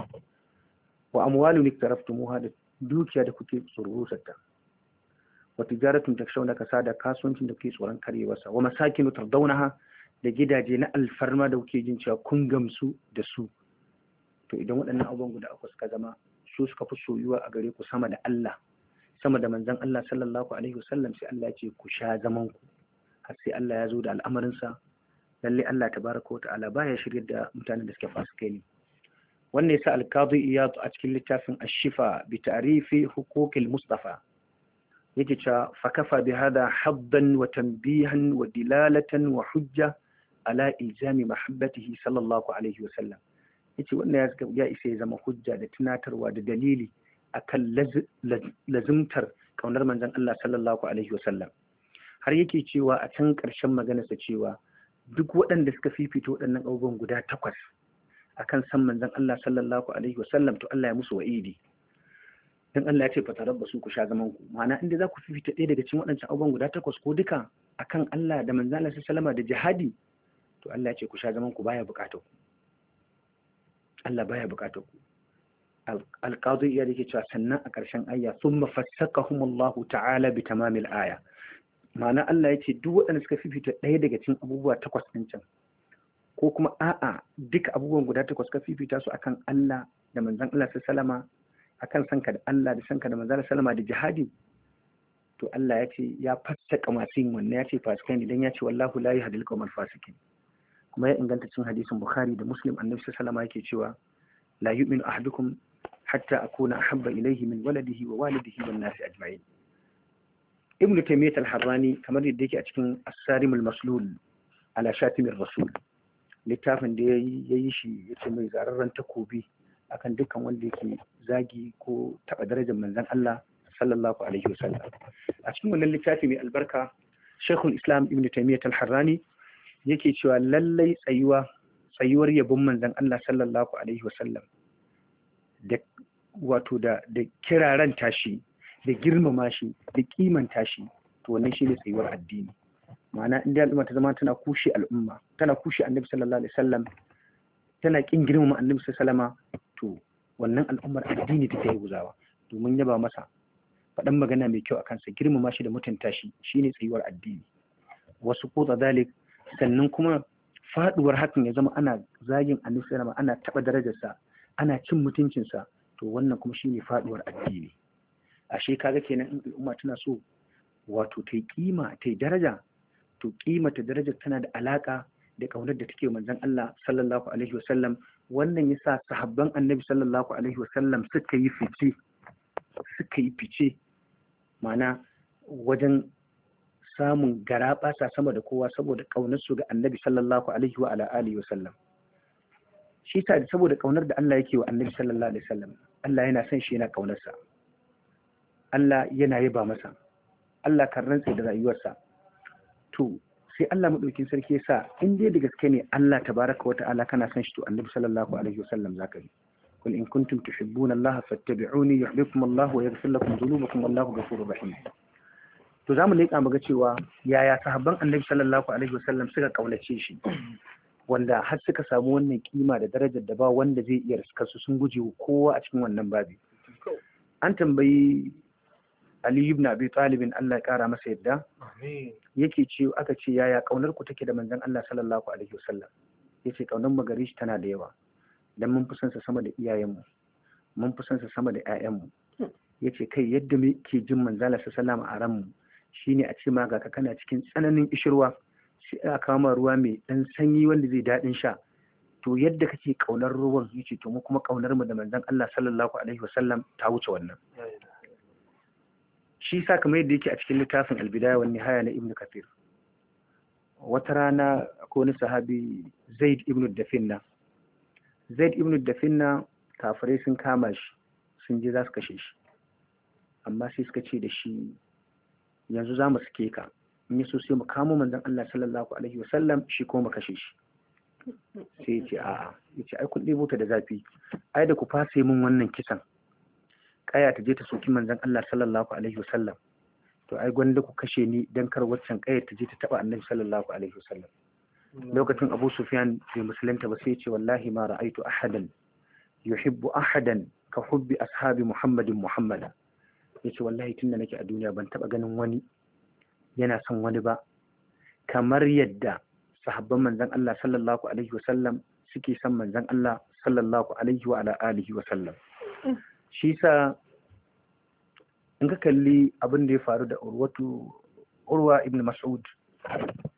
wa amwalun iktaraftumuha da dukiya da kuke surutatta. wa tijaratun takshawna kasada kasuwancin da kuke tsoron karewarsa wa notar tardawnaha da gidaje na alfarma da kuke jin cewa kun gamsu da su to idan waɗannan abubuwan guda uku suka zama su suka fi soyuwa a gare ku sama da Allah sama da manzon Allah sallallahu alaihi wasallam sai Allah ya ce ku sha zaman ku har sai Allah ya zo da al'amarinsa lallai Allah ta tabaraka wata'ala baya shirya da mutanen da suke fasikai ne ya sa al ya iyad a cikin littafin Ashifa, shifa bi ta'rifi huquqil mustafa yake cewa fakafa bi hada habban wa tambihan wa dilalatan wa hujja ala iljami mahabbatihi sallallahu alaihi wa sallam yace wannan ya isa ya zama hujja da tunatarwa da dalili akan lazimtar kaunar manzon Allah sallallahu alaihi wa sallam har yake cewa a can ƙarshen maganarsa cewa duk waɗanda suka fifito waɗannan abubuwan guda takwas akan san manzon Allah sallallahu alaihi wa sallam to Allah ya musu wa'idi dan Allah ya ce fa tarabba su ku sha zaman ku ma'ana inda za ku fifita ɗaya daga cikin waɗancan abubuwan guda takwas ko duka akan Allah da manzon Allah sallama da jihadi to Allah ya ce ku sha zaman ku baya buƙatar ku Allah baya buƙatar ku alƙadu iya da ke cewa sannan a ƙarshen ayya sun mafassaka humallahu ta'ala bi tamamil aya ma'ana Allah ya ce duk waɗanda suka fifita ɗaya daga cikin abubuwa takwas ɗin can ko kuma a'a duka abubuwan guda takwas suka fifita su akan Allah da manzon Allah salama akan sanka da Allah da sanka da manzala salama da jihadi to Allah ya ce ya fassaka masu yin wannan ya ce fasikai ne dan ya ce wallahu la yahdil qawmal fasikin kuma ya inganta cin hadisin Bukhari da Muslim annabi sallama yake cewa la yu'minu ahadukum hatta akuna ahabba ilayhi min waladihi wa walidihi wan nasi ajma'in ibn taymiyyah al-harrani kamar yadda yake a cikin as-sarimul maslul ala shatimir rasul littafin da ya yi shi ya ce mai zararren takobi akan dukkan wanda yake zagi ko taba darajar manzon Allah sallallahu alaihi wasallam a cikin wannan littafi mai albarka Sheikhul Islam Ibn Taymiyyah Al-Harrani yake cewa lallai tsayuwa tsayuwar yabon manzon Allah sallallahu alaihi wasallam da wato da da kiraran tashi da girmama shi da kimanta shi to wannan shine tsayuwar addini ma'ana inda al'umma ta zama tana kushe al'umma tana kushe annabi sallallahu alaihi wasallam tana kin girmama annabi sallallahu alaihi wasallama to wannan al'ummar addini take guzawa domin yaba masa faɗan magana mai kyau a kansa girmama shi da mutunta shi shine tsayuwar addini wasu kotsa zalik sannan kuma faɗuwar hakan ya zama ana zagin annabi ana taɓa darajarsa ana cin mutuncinsa to wannan kuma shine faduwar addini ashe kaga kenan in al'umma tana so wato ta yi kima ta yi daraja to kima ta darajar tana da alaka da kaunar da take manzon Allah sallallahu alaihi wasallam wannan ya sa sahabban annabi sallallahu alaihi wasallam suka yi fice suka yi fice mana wajen samun gara basa sama da kowa saboda su ga annabi sallallahu alaihi wa alihi wasallam shi ta saboda ƙaunar da Allah yake wa annabi sallallahu alaihi wasallam Allah yana son shi yana sa Allah yana yaba masa Allah kan rantse da rayuwarsa to sai Allah madaukin sarki sa in dai da gaske ne Allah tabaraka wa ta'ala kana san shi to annabi sallallahu alaihi wasallam zaka yi kul in kuntum tuhibbuna Allah fattabi'uni yuhibbukum Allah wa yaghfir lakum dhunubakum wallahu ghafurur rahim to zamu leƙa ga cewa yaya sahabban annabi sallallahu alaihi wasallam suka kaulace shi wanda har suka samu wannan kima da darajar da ba wanda zai iya riskar su sun guje kowa a cikin wannan babi an tambayi Ali ibn Abi ɗalibin Allah ya kara masa yadda yake ce aka ce yaya kaunar ku take da manzon Allah sallallahu alaihi wasallam yace kaunar mu gare shi tana da yawa dan mun fi son sa sama da iyayenmu mun fi son sa sama da ƴaƴanmu yace kai yadda muke jin manzon Allah sallallahu alaihi wasallam a shine a ce ma ga ka kana cikin tsananin ishirwa sai a kama ruwa mai dan sanyi wanda zai daɗin sha to yadda kake kaunar ruwan yace to mu kuma kaunar mu da manzon Allah sallallahu alaihi wasallam ta wuce wannan shi sa kamar yadda yake a cikin littafin albidaya wani haya na ibn kafir wata rana ko wani sahabi zaid ibn dafinna zaid ibn dafinna kafirai sun kama shi sun je za su kashe shi amma sai suka ce da shi yanzu za mu suke ka in yi so sai mu kamo manzon Allah sallallahu alaihi wa sallam shi ko mu kashe shi sai ya ce a'a ya ce ai kun ɗebo ta da zafi ai da ku fasa min wannan kisan Aya ta je ta soki manzon Allah sallallahu alaihi wasallam to ai gwanda ku kashe ni dan kar waccan kaya ta je ta taba annabi sallallahu alaihi wasallam lokacin Abu Sufyan bai musulunta ba sai ya ce wallahi ma ra'aitu ahadan yuhibbu ahadan ka hubbi ashabi Muhammadin Muhammada yace wallahi tunda nake a duniya ban taba ganin wani yana son wani ba kamar yadda sahabban manzon Allah sallallahu alaihi wasallam suke son manzon Allah sallallahu alaihi wa ala alihi wasallam mm. shi sa in ka kalli abin da ya faru da urwatu urwa ibn mas'ud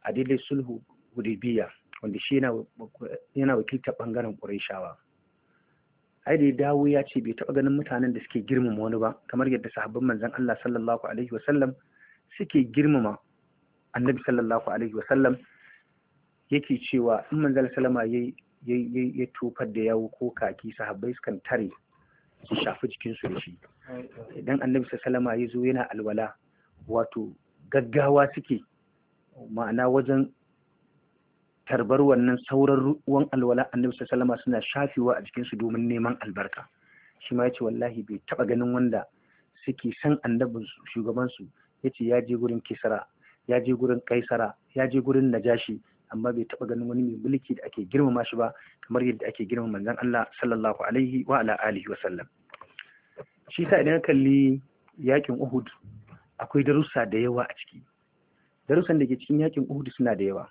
a daidai sulhu hudaybiya wanda shi yana wakilta ɓangaren qurayshawa ai da ya dawo ya ce bai taɓa ganin mutanen da suke girmama wani ba kamar yadda sahabban manzon Allah sallallahu alaihi wasallam suke girmama annabi sallallahu alaihi wasallam yake cewa in manzon sallama ya ya tofar da yawo ko kaki sahabbai sukan tare su shafi jikinsu da shi idan annabi sallama ya zo yana alwala wato gaggawa suke ma'ana wajen tarbar wannan sauran ruwan alwala annabi sallama suna shafewa a jikinsu domin neman albarka shi ma yace wallahi bai taba ganin wanda suke san annabin shugabansu yace ya je gurin kisra ya je gurin kaisara ya je gurin najashi amma bai taɓa ganin wani mai mulki da ake girmama shi ba kamar yadda ake girmama manzon Allah sallallahu alaihi wa ala alihi wa sallam shi sa idan kalli yakin Uhud akwai darussa da yawa a ciki darussan da ke cikin yakin Uhud suna da yawa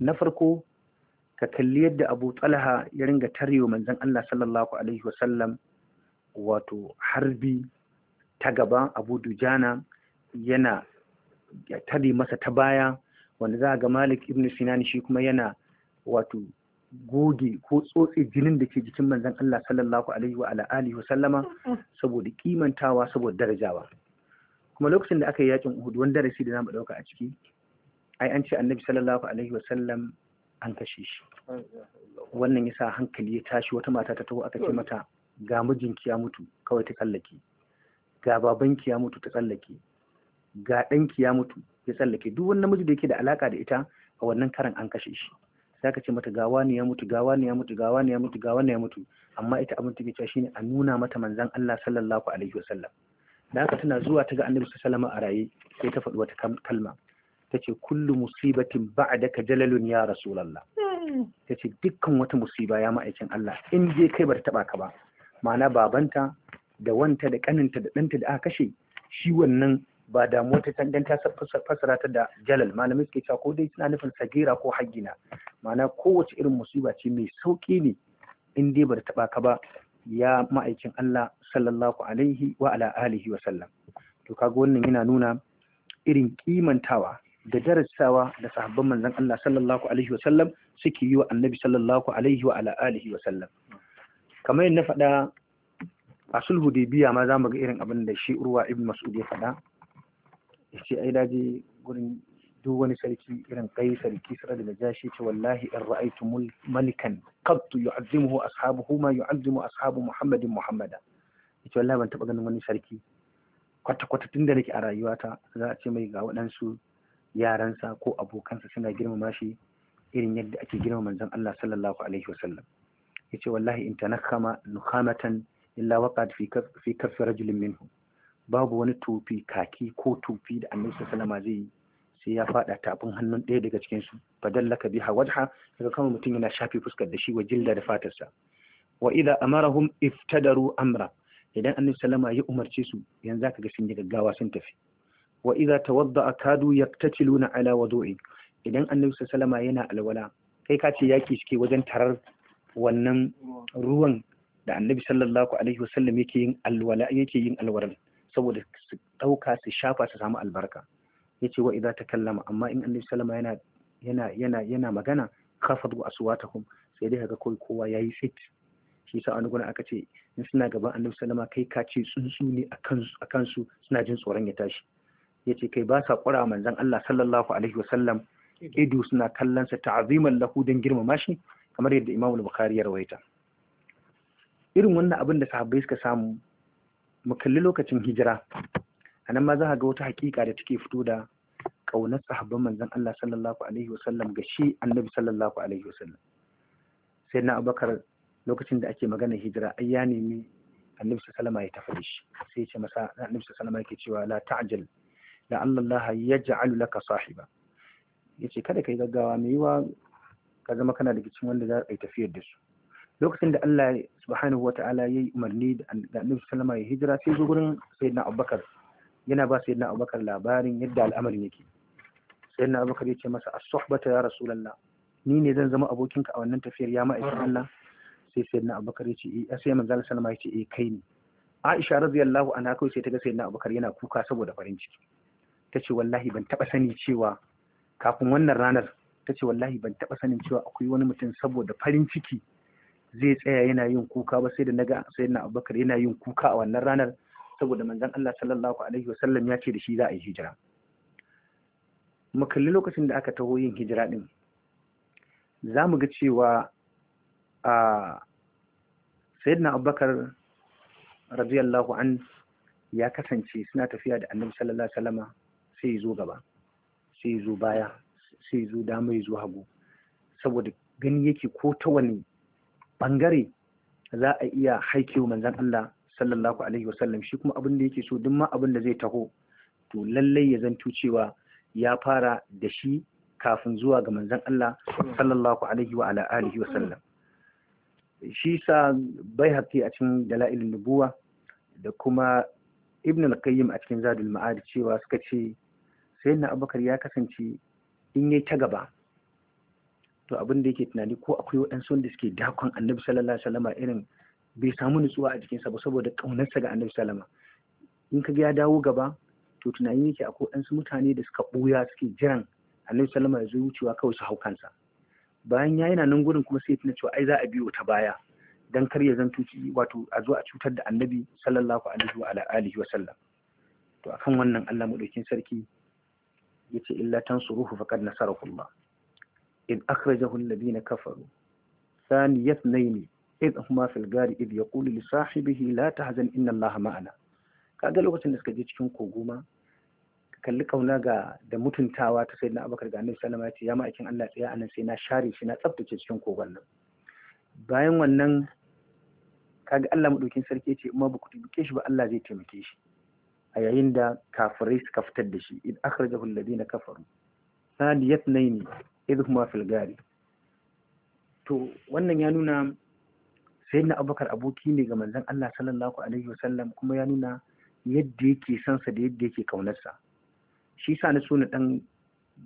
na farko ka kalli yadda Abu Talha ya ringa tarewa manzon Allah sallallahu alaihi wa sallam wato harbi ta gaba Abu Dujana yana tare masa ta baya wanda za ga malik ibn sinan shi kuma yana wato goge ko tsotse jinin da ke jikin manzon Allah sallallahu alaihi wa alihi sallama saboda kimantawa saboda darajawa kuma lokacin da aka yi yakin Uhud wani darasi da zamu dauka a ciki ai an ce Annabi sallallahu alaihi wa sallam an kashe shi wannan yasa hankali ya tashi wata mata ta taho aka ce mata ga mijinki ya mutu kawai ta tsallake ga babanki ya mutu ta tsallake ga ɗanki ya mutu ya tsallake duk wani namiji da yake da alaka da ita a wannan karan an kashe shi sai ka ce mata gawa ne ya mutu gawa ne ya mutu gawa ne ya mutu gawa ne ya mutu amma ita abin take cewa shine a nuna mata manzon Allah sallallahu alaihi wasallam da haka tana zuwa ta ga annabi sallallahu alaihi a raye sai ta faɗi wata kalma tace kullu musibatin ba'daka jalalun ya rasulullah tace dukkan wata musiba ya ma'aikin Allah in je kai ba ta taba ka ba ma'ana babanta da wanta da kaninta da ɗanta da aka kashe shi wannan ba damuwa ta can ta fassara ta da jalal malamai suke cewa ko dai suna nufin sagira ko haggina ma'ana kowace irin musiba ce mai sauki ne in dai bata taba ka ba ya ma'aikin Allah sallallahu alaihi wa ala alihi wa sallam to kaga wannan yana nuna irin kimantawa da darasawa da sahabban manzon Allah sallallahu alaihi wa sallam suke yi wa annabi sallallahu alaihi wa ala alihi wa sallam kamar yadda na faɗa a sulhu da biya ma za mu ga irin abin da shi urwa ibn mas'ud ya faɗa ya ce ai daji gurin duk wani sarki irin kai sarki sura da najashi ce wallahi in ra'aytu malikan qad yu'azzimuhu ashabuhu ma yu'azzimu ashabu muhammadin muhammada yace wallahi ban taba ganin wani sarki kwata kwata tunda nake a rayuwata za a ce mai ga waɗansu yaransa ko abokansa suna girmama shi irin yadda ake girmama manzon Allah sallallahu alaihi wasallam yace wallahi in tanakkama nukhamatan illa waqad fi kaf rajulin minhu babu wani tufi, kaki ko tufi da annabi sallama zai yi sai ya fada tafin hannun ɗaya daga cikin su fadallaka biha wajha daga kama mutum yana shafe fuskar da shi wa jilda da fatarsa wa idza amarahum iftadaru amra idan annabi sallama ya umarce su yanzu zaka ga sun yi gaggawa sun tafi wa idza tawadda kadu yaktatiluna ala wudu'i idan annabi sallama yana alwala kai ka ce yaki suke wajen tarar wannan ruwan da annabi sallallahu alaihi wasallam yake yin alwala yake yin alwala saboda su ɗauka su shafa su samu albarka ya ce wa idan ta kallama amma in annabi sallama yana yana yana yana magana kafadu aswatahum sai dai kaga kai kowa yayi fit shi sa wani aka ce in suna gaban annabi sallama kai ka ce tsuntsu ne a kansu suna jin tsoron ya tashi ya ce kai ba sa ƙura manzon Allah sallallahu alaihi wasallam ido suna kallonsa sa ta'aziman lahu don girmama shi kamar yadda Imam Bukhari ya rawaita irin wannan abin da sahabbai suka samu mu kalli lokacin hijira a nan ma za ga wata hakika da take fito da ƙaunar sahabban manzon Allah sallallahu alaihi sallam ga shi annabi sallallahu alaihi sallam sai na abubakar lokacin da ake magana hijira ai ya nemi annabi sallam ya tafi shi sai ya ce masa annabi sallam yake cewa la ta'jal la Allah yaj'al laka sahiba yace kada kai gaggawa me yiwa ka zama kana da kicin wanda za a yi tafiyar da su lokacin da Allah subhanahu wa ta'ala ya yi umarni da annabi sallama ya hijira sai zo gurin sayyidina abubakar yana ba sayyidina abubakar labarin yadda al'amarin yake sayyidina abubakar ya ce masa as-suhbata ya rasulullah ni ne zan zama abokinka a wannan tafiyar ya ma'aikin Allah sai sayyidina abubakar ya ce eh sai manzo sallama ya eh kai ne Aisha radiyallahu anha kai sai ta ga sayyidina abubakar yana kuka saboda farin ciki tace wallahi ban taba sani cewa kafin wannan ranar tace wallahi ban taba sanin cewa akwai wani mutum saboda farin ciki zai tsaya yana yin kuka ba sai da naga sayyidina abubakar yana yin kuka a wannan ranar saboda manzon Allah sallallahu alaihi wasallam ya ce da shi za a yi hijira mu kalli lokacin da aka taho yin hijira din za mu ga cewa a sayyidina abubakar radiyallahu an ya kasance suna tafiya da annabi sallallahu alaihi wasallama sai ya zo gaba sai ya zo baya sai ya zo dama ya zo hagu saboda gani yake ko ta wani bangare za a iya haikewa manzan Allah sallallahu alaihi wasallam shi kuma abin da yake so duk ma abin da zai taho to lallai ya zanto cewa ya fara da shi kafin zuwa ga manzan Allah sallallahu alaihi wa ala alihi wasallam shi sa bai hakki a cikin dala'ilin nubuwa da kuma ibn al-qayyim a cikin zadul ma'ad cewa suka ce sayyidina abubakar ya kasance in yayi ta gaba to abin da yake tunani ko akwai waɗansu wanda suke dakon annabi sallallahu alaihi wasallama irin bai samu nutsuwa a jikinsa ba saboda ƙaunarsa ga annabi sallama in ka ga ya dawo gaba to tunani yake akwai waɗansu mutane da suka ɓuya suke jiran annabi sallama ya zo wucewa kawai su hau kansa bayan ya yana nan gurin kuma sai ya tuna cewa ai za a biyo ta baya dan kar ya zanto wato a zo a cutar da annabi sallallahu alaihi wa alihi wasallam to akan wannan Allah madaukin sarki yace illa tansuruhu faqad nasarakumullah إذ أخرجه الذين كفروا ثاني اثنين إذ هما في الغار إذ يقول لصاحبه لا تحزن إن الله معنا kaga lokacin da suka je cikin koguma kalli kauna ga da mutuntawa ta sayyidina abubakar ga annabi ya ce ya ma'aikin Allah tsaya anan sai na share shi na tsaftace cikin kogon nan bayan wannan kaga Allah madaukin sarki ya ce umma ba ku taimake shi ba Allah zai taimake shi a yayin da kafirai suka fitar da shi in akhrajahu alladhina kafaru thaniyat nayni idhuma fil gari to wannan ya nuna sayyidina abubakar aboki ne ga manzon Allah sallallahu alaihi wasallam kuma ya nuna yadda yake son sa da yadda yake kaunarsa shi yasa na so na dan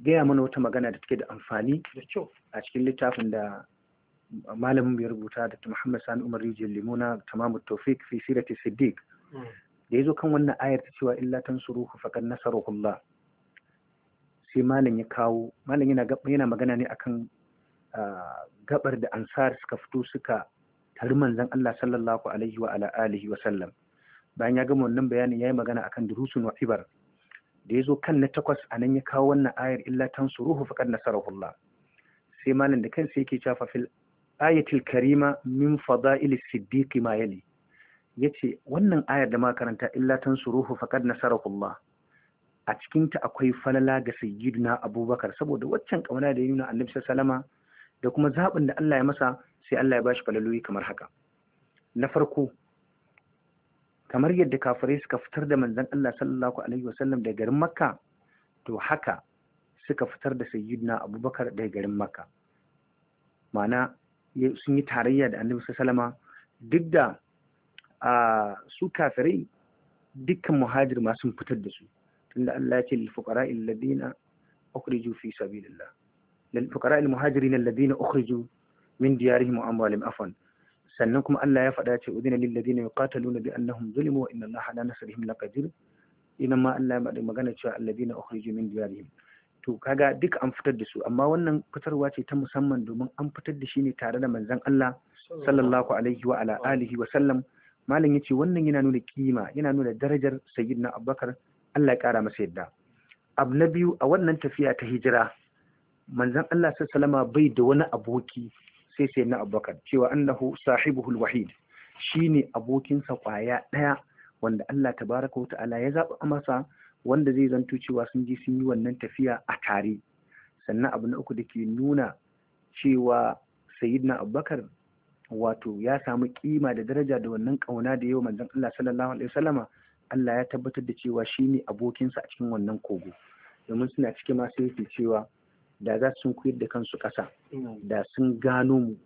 gaya mana wata magana da take da amfani da kyau a cikin littafin da malamin ya rubuta da Muhammad Sani Umar Rijiyar Limuna tamamu Tawfiq fi sirati Siddiq mm. da zo kan wannan ayar ta cewa illa tansuruhu faqad nasarahu Allah sai malam ya kawo malam yana magana ne akan ah, gabar da ansar suka fito suka tari manzon Allah sallallahu alaihi wa ala alihi wa sallam bayan ya gama wannan bayanin yayi magana akan durusun wa ibar da yazo kan na takwas anan ya kawo wannan ayar illa tansuruhu faqad nasarahullah sai malam da kansa yake cafa fil ayatil karima min fada'il siddiq ma yali yace wannan ayar da ma karanta illa tansuruhu faqad nasarahullah a cikinta akwai falala ga sayyiduna abubakar saboda waccan kamar da ya nuna annabi sallama da kuma zaɓin da Allah ya masa sai Allah ya bashi falaloyi kamar haka na farko kamar yadda kafirai suka fitar da manzon Allah sallallahu alaihi wasallam daga garin makka to haka suka fitar da sayyiduna abubakar daga garin makka ma'ana sun yi tarayya da annabi sallama duk da su kafirai dukkan muhajir ma sun fitar da su tunda Allah ya ce lil fuqara alladhina ukhriju fi sabilillah lil fuqara al muhajirin alladhina ukhriju min diyarihim wa amwalihim afan. sannan kuma Allah ya faɗa ce udina lil ladina yuqataluna bi annahum zulimu wa inna Allaha la nasrihim laqadir ina ma Allah ya magana cewa alladina ukhriju min diyarihim to kaga duka an fitar da su amma wannan fitarwa ce ta musamman domin an fitar da shi ne tare da manzon Allah sallallahu alaihi wa ala alihi wa sallam malam yace wannan yana nuna kima yana nuna darajar sayyidina Abubakar Allah ya ƙara masa yadda abu na biyu a wannan tafiya ta hijira manzan Allah salama bai da wani aboki sai sai na abokan cewa annahu sahibuhul wahid ne abokinsa ƙwaya ɗaya wanda Allah ta baraka wa ta'ala ya zaɓa masa wanda zai zanto cewa sun je sun yi wannan tafiya a tare sannan abu na uku da ke nuna cewa sayyidina abubakar wato ya samu kima da daraja da wannan ƙauna da yawa, manzan Allah sallallahu alaihi wasallama Allah ya tabbatar da cewa shi ne abokinsa a cikin wannan kogo domin suna cikin masu yake cewa da za su kuyar da kansu ƙasa da sun gano mu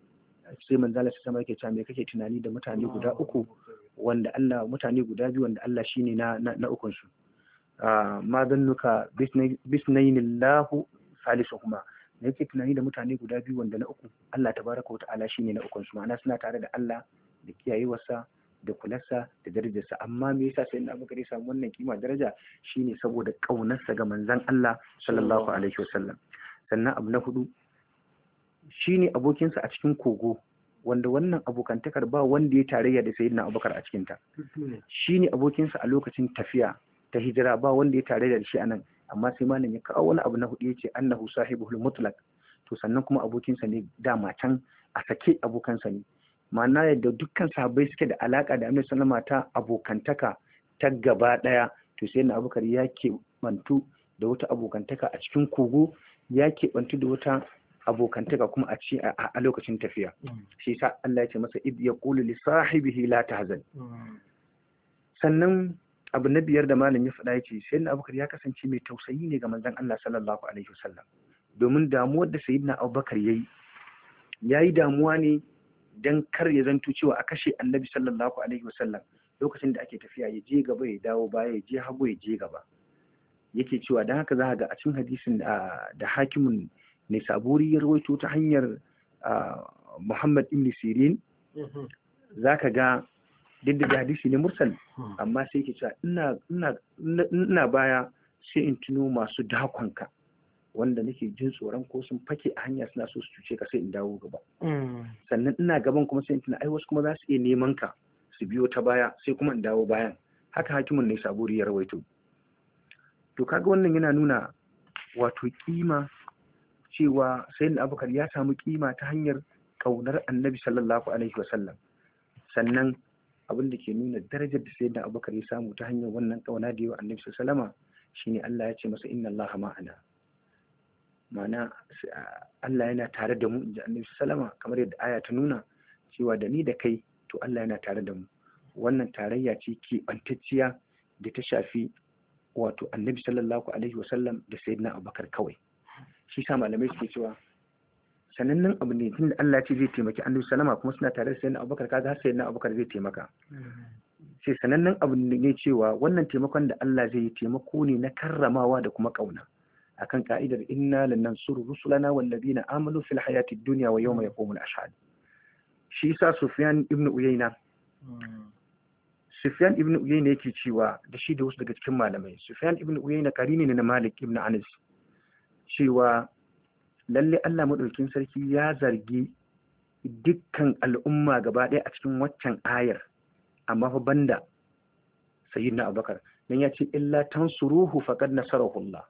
sai manzala su sama yake cewa me kake tunani da mutane guda uku wanda Allah mutane guda biyu wanda Allah shine na na ukun su ah, ma zannuka kuma salisuhuma da yake tunani da mutane guda biyu wanda na uku Allah tabaraka wa ta'ala shine na ukun su ma'ana suna tare da Allah da kiyayewarsa da kularsa da darajarsa amma me yasa sai Abu Bakar ya samu wannan kima daraja shine saboda ƙaunarsa ga manzon Allah sallallahu alaihi wasallam sannan abu na hudu shine abokinsa a cikin kogo wanda wannan abokantakar ba wanda ya tarayya da sayyidina Abubakar a cikin ta shine abokinsa a lokacin tafiya ta hijira ba wanda ya tarayya da shi anan amma sai malam ya kawo wani abu na hudu yace annahu sahibul mutlaq to sannan kuma abokinsa ne da matan a sake abokansa ne ma'ana yadda dukkan sahabbai suke da alaka da amir sallama ta abokantaka ta gaba daya to sai na abubakar ya bantu da wata abokantaka a cikin kogo ya bantu da wata abokantaka kuma a ci a lokacin tafiya mm. shi sa Allah ya ce masa id ya qulu li sahibihi la tahzan mm. sannan abu na biyar da malamin ya faɗa yake na abubakar ya kasance mai tausayi ne ga manzon Allah sallallahu alaihi wasallam domin damuwar da sayyidina abubakar yayi yayi damuwa ne Dan kar ya zanto cewa a kashe annabi sallallahu alaihi wasallam lokacin da ake tafiya ya je gaba ya dawo baya ya je hagu ya je gaba yake cewa don haka za ga a cikin hadisin da hakimin ne saburi ya rawaito ta hanyar muhammad ibn sirin mm-hmm. za ka ga duk da hadisi ne mursal hmm. amma sai ke cewa ina baya sai in tuno masu dakonka wanda nake jin tsoron ko sun fake a hanya suna so su cuce ka sai in dawo gaba mm. sannan ina gaban kuma sai in tuna ai wasu kuma za su iya neman ka su biyo ta baya sai kuma in dawo bayan haka hakimin ne saburi ya rawaito to kaga wannan yana nuna wato kima cewa sayyidina abubakar ya samu kima ta hanyar kaunar annabi sallallahu alaihi wasallam sannan abin da ke nuna darajar da sayyidina abubakar ya samu ta hanyar wannan kauna da yawa annabi sallallahu alaihi wasallama shine Allah ya ce masa inna Allah ma'ana ma'ana Allah yana tare da mu inji annabi sallama kamar yadda aya ta nuna cewa da ni da kai to Allah yana tare da mu wannan tarayya ce bantacciya da ta shafi wato annabi sallallahu alaihi wasallam da sayyidina abubakar kawai shi sa malamai suke cewa sanannen abu ne tunda Allah ce zai taimaki annabi sallama kuma suna tare da sayyidina abubakar kaga har sayyidina abubakar zai taimaka mm-hmm. sai sanannen abu ne cewa wannan taimakon da Allah zai yi taimako ne na karramawa da kuma kauna akan ka'idar inna lanansuru rusulana wallazina amalu fil hayati dunya wa yawma yaqumul ashhad shi yasa Sufyan ibn Uyayna Sufyan ibn Uyayna yake cewa da shi da wasu daga cikin malamai Sufyan ibn Uyayna karimi ne na Malik ibn Anas cewa lalle Allah madaukin sarki ya zargi dukkan al'umma gaba ɗaya a cikin waccan ayar amma fa banda sayyidina Abubakar dan ya ce illa tansuruhu faqad nasarahu Allah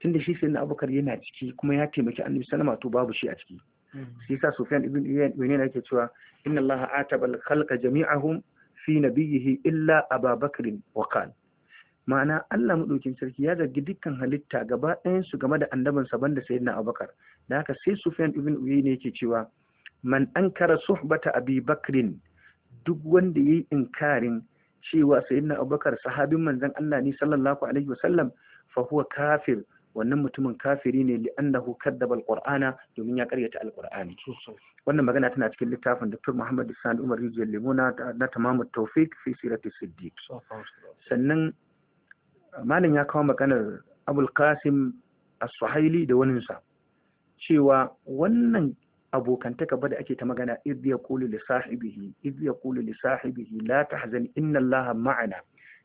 tunda shi na abubakar yana ciki kuma ya taimaki annabi sallama to babu shi a ciki hmm. shi yasa sufyan ibn uyayna yake cewa inna allaha ataba al-khalqa jami'ahum fi nabiyhi illa ababakar wa qala ma'ana Allah maɗaukin sarki ya zargi dukkan halitta gaba ɗayan su game da annaban sa banda sayyidina Abubakar da haka sai Sufyan ibn Uyayna yake cewa man ankara suhbata Abi Bakrin duk wanda yayi inkarin cewa sayyidina Abubakar sahabin manzon Allah ne sallallahu alaihi wasallam fa huwa kafir wannan mutumin kafiri ne annahu kaddaba alqur'ana domin ya karyata alqur'ani wannan magana tana cikin littafin Dr. Muhammad Sani Umar Rijiyar lemo na Tamamut Tawfiq fi Sirati Siddiq sannan malam ya kawo maganar Abul Qasim As-Suhaili da waninsa cewa wannan abokantaka ba da ake ta magana idh yaqulu li sahibihi idh yaqulu li sahibihi la tahzan inna allaha ma'ana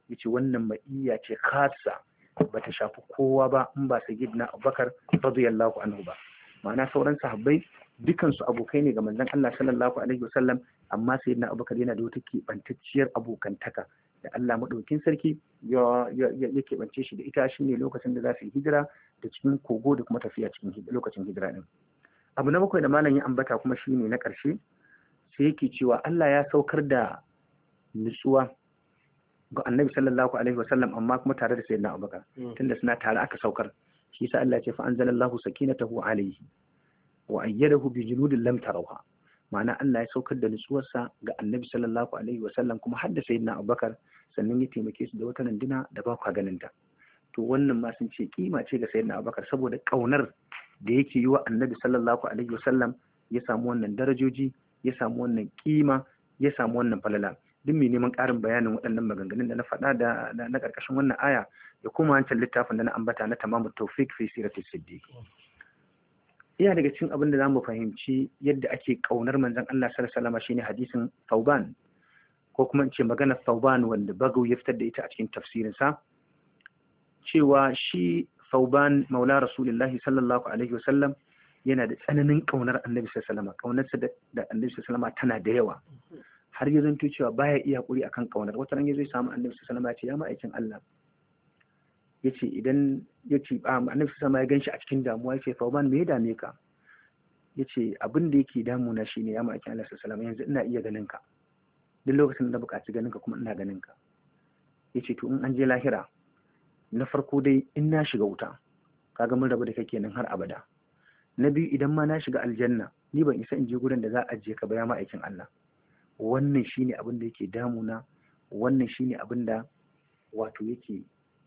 yace wannan ma'iyya ce khassa Ba ta shafi kowa ba in ba na Abubakar radiyallahu anhu ba ma'ana sauran sahabbai dukansu abokai ne ga manzon Allah sallallahu alaihi wasallam amma sayyidina Abubakar yana da wata keɓantacciyar abokantaka da Allah maɗaukin sarki ya keɓance shi da ita shine lokacin da za su yi hijira da cikin kogo da kuma tafiya cikin lokacin hijira ɗin. Abu na bakwai da malam ya ambata kuma shine na ƙarshe sai yake cewa Allah ya saukar da nutsuwa ga annabi sallallahu alaihi wasallam amma kuma tare da sayyidina abubakar hmm. tunda suna tare aka saukar shi sa Allah ya ce fa anzalallahu sakinatahu alaihi wa ayyadahu bi junudin lam tarawha ma'ana Allah ya saukar da nutsuwarsa ga annabi sallallahu alaihi wasallam kuma har da sayyidina abubakar sannan ya taimake su da wata randuna da ba kwa ganin ta to wannan ma sun ce kima ce ga sayyidina abubakar saboda kaunar da yake yi wa annabi sallallahu alaihi wasallam ya samu wannan darajoji ya samu wannan kima ya samu wannan falala duk mai neman ƙarin bayanin waɗannan maganganun da na faɗa da na ƙarƙashin wannan aya da kuma wancan littafin da na ambata na tamamu taufik fi sirati siddiq iya daga cikin abin da za mu fahimci yadda ake kaunar manzan Allah sallallahu alaihi wasallam shine hadisin Tauban ko kuma in ce maganar Tauban wanda Bago ya fitar da ita a cikin tafsirin sa cewa shi Tauban maula Rasulullahi sallallahu alaihi wasallam yana da tsananin kaunar Annabi sallallahu alaihi wasallam kaunarsa da Annabi sallallahu alaihi wasallam tana da yawa har ya zanto cewa baya iya hakuri akan kaunar wata ran zai samu annabi sallallahu alaihi ya ce ya aikin Allah yace idan yace ah, annabi sallallahu ya ganshi a cikin damuwa yace ban me ya dame ka yace abin da yake damuna shine ya ma aikin Allah sallallahu alaihi yanzu ina iya ganin ka duk lokacin da buƙaci ganin ka kuma ina ganin ka yace to in an je lahira na farko dai in na shiga wuta kaga mun rabu da kake nan har abada na biyu idan ma na shiga aljanna ni ban isa in je gurin da za a ajiye ka ba ya ma aikin Allah wannan shine abin da yake damuna wannan shine abin da wato yake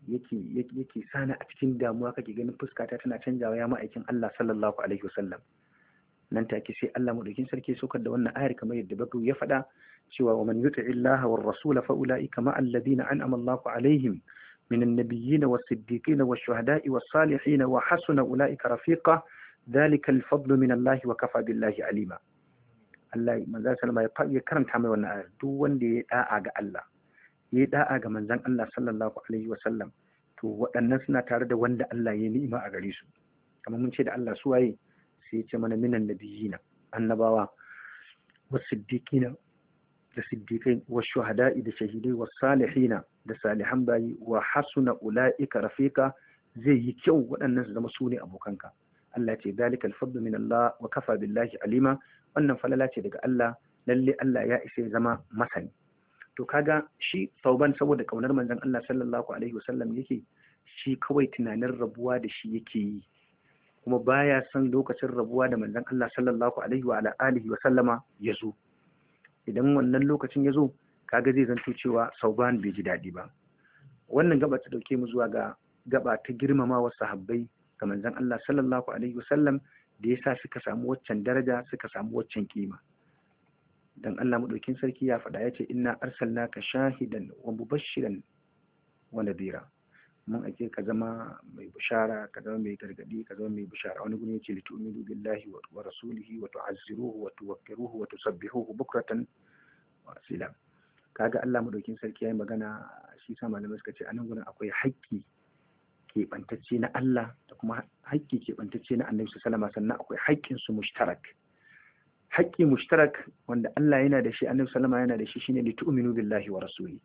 yake yake sani a cikin damuwa kake ganin fuskata tana canjawa ya ma'aikin Allah sallallahu alaihi wasallam nan take sai Allah madaukin sarki sokar da wannan ayar kamar yadda Bakru ya faɗa cewa wa man yuti illaha war rasul fa ulaika ma alladhina an'ama Allahu alaihim min an-nabiyyin was-siddiqin wash-shuhada'i was-salihin wa hasuna ulaika rafiqa dhalika al-fadlu min Allah wa kafa billahi alima Allah manzon sallama ya karanta mai wannan aya. duk wanda ya da'a ga Allah ya da'a ga manzon Allah sallallahu alaihi wa sallam to waɗannan suna tare da wanda Allah ya ni'ima a gare su kamar mun ce da Allah su waye sai ya ce mana minan nabiyina annabawa wasiddiqina da siddiqai wa shuhada'i da shahidai wa salihina da salihan bayi wa hasuna ula'ika rafika zai yi kyau waɗannan su zama su ne abokanka Allah ce zalikal fadlu min Allah wa kafa billahi alima wannan falala ce daga Allah lalle Allah ya isa ya zama masani to kaga shi sauban saboda kaunar manzon Allah sallallahu alaihi wasallam yake shi kawai tunanin rabuwa da shi yake yi kuma baya son lokacin rabuwa da manzon Allah sallallahu alaihi wa alihi wa sallama ya zo idan wannan lokacin ya zo kaga zai zanto cewa sauban bai ji daɗi ba wannan gaba ta dauke mu zuwa ga gaba ta girmamawa sahabbai ga manzon Allah sallallahu alaihi wa sallam da yasa suka samu waccan daraja suka samu waccan kima dan Allah madaukin sarki ya faɗa yace inna arsalnaka shahidan wa mubashiran wa nadira mun ake ka zama mai bishara ka zama mai gargadi ka zama mai bishara wani guri yace litu'minu billahi wa rasulihi wa tu'azziruhu wa tuwaqqiruhu wa tusabbihuhu bukratan wa asila kaga Allah madaukin sarki yayi magana shi sa malamai suka ce nan gurin akwai haƙƙi keɓantacce na Allah da kuma haƙƙi keɓantacce na annabi sallama sannan akwai haƙƙinsu mushtarak haƙƙi mushtarak wanda Allah yana da shi annabi sallama yana da shi shine li tu'minu billahi wa rasuli